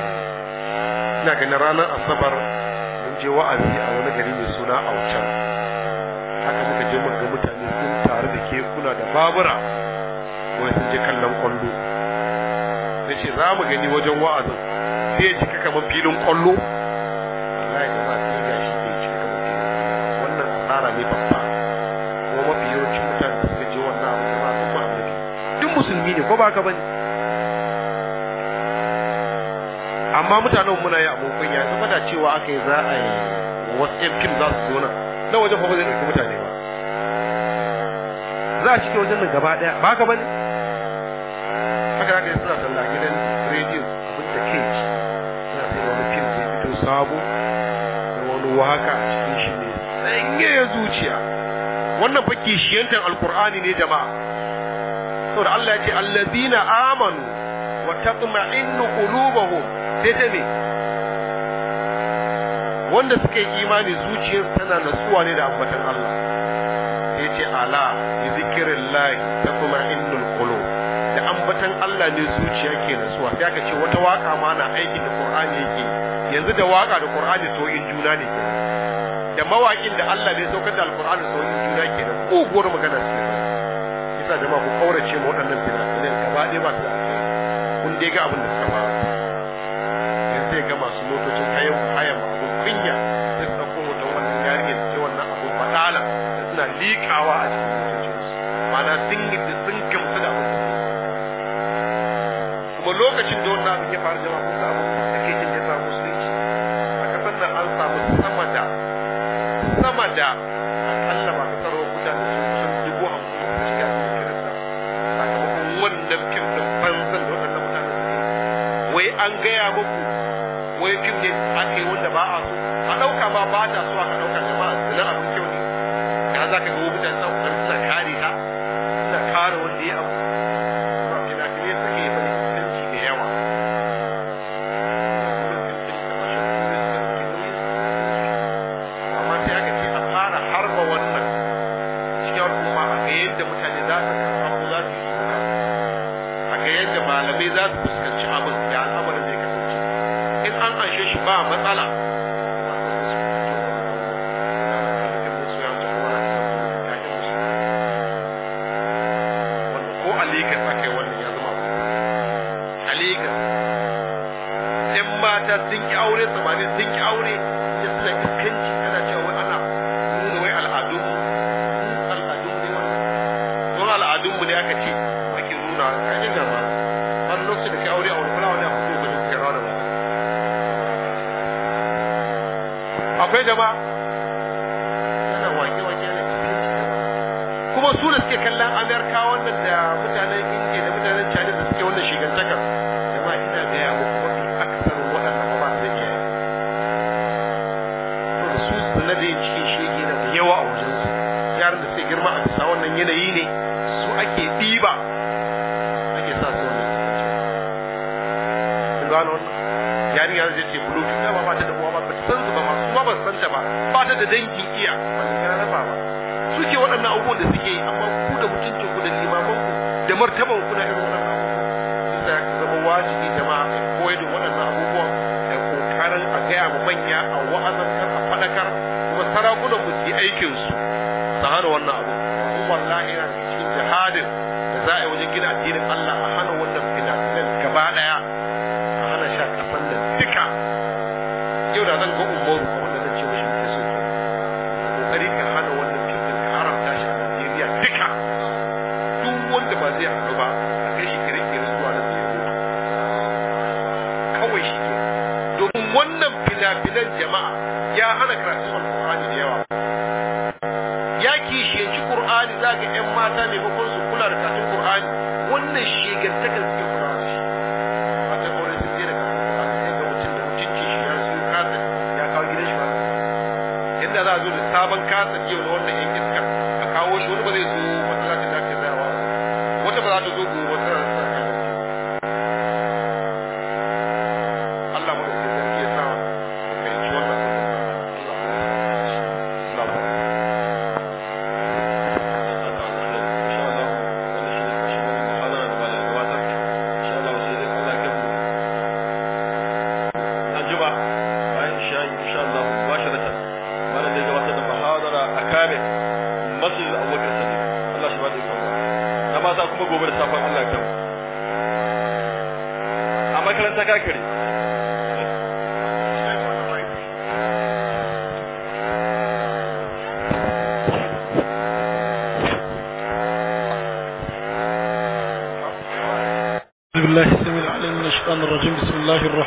[SPEAKER 2] ina ganin ranar asabar mun je wa'azi a wani gari mai suna aucan haka suka je mun ga mutane sun taru da ke kuna da babura wai sun je kallon kwallo sai ce za mu gani wajen wa'azin sai ya cika kamar filin kwallo
[SPEAKER 3] wallahi da ba sai gashi shi ke cika kamar filin wannan tsara ne babba ko mafi yawancin mutane da suka je wannan abu ba su ba annabi duk musulmi ne ko ba ka bane
[SPEAKER 2] amma mutanen muna yi abokan kunya ta fada cewa aka yi za a yi wasu yan fim za su zo nan na wajen fa zai ɗauki mutane ba za a cike wajen nan gaba ɗaya ba
[SPEAKER 3] ka bane haka za ka yi suna sabo wani waka a cikin shi ne
[SPEAKER 2] ya zuciya wannan shi kishiyantan alkur'ani ne jama'a da Allah ya ce allazina amanu wa tatma'innu ƙulubahu sai ta ne. wanda suka yi imani zuciyarsu tana natsuwa ne da ambatan Allah sai ce ala zikirin ta kuma tatma'innul kolo. da ambatan Allah ne zuciya ke natsuwa sai aka ce wata waka ma na aiki da Qur'ani yake yanzu da waka da qur'ani in juna ne da mawakin da Allah bai
[SPEAKER 3] saukar da alqur'ani in juna ke da uguwar magana ce da ba ku kaurace mu waɗannan fina da gaba ɗaya ba su da kun dai ga abin da suka fara yanzu sai ga masu motocin hayan hayan abin kunya sai su ɗauko hoton wannan yarinyar ce wannan abin fatala. suna liƙawa a cikin ba na sun yi sun gamsu da abin kuma lokacin da wannan abin ya fara jama'a ɗauka ba ba ta so aka ɗauka jama'a zina abin kyau ne ya za ka ga mutane na
[SPEAKER 2] girma a bisa wannan yanayi ne su ake diba ake sa su wannan kun gano wannan ya zai ce bulu tun
[SPEAKER 3] ba ta da uwa ba ta san su ba ma su ba san ta ba ba ta da dangin iya ta kira rafa ba su ke waɗannan abubuwan da suke yi amma ku da mutuncin ku da limaman
[SPEAKER 2] ku da martaban ku na irin wannan su hana wannan abu wallahi yana cikin jihadin da za a yi wajen gina
[SPEAKER 3] addinin Allah a hana wannan filafilan gaba daya a hana sha kasan da duka yau da zan ga umaru a wanda zan ce mashi mutum sun kokari ka hana wannan filin ka haramta shi a Najeriya duka duk wanda ba zai haɗu ba a kai shi kire kire zuwa nan zai mutu kawai shi ke
[SPEAKER 2] domin wannan filafilan jama'a ya hana karatu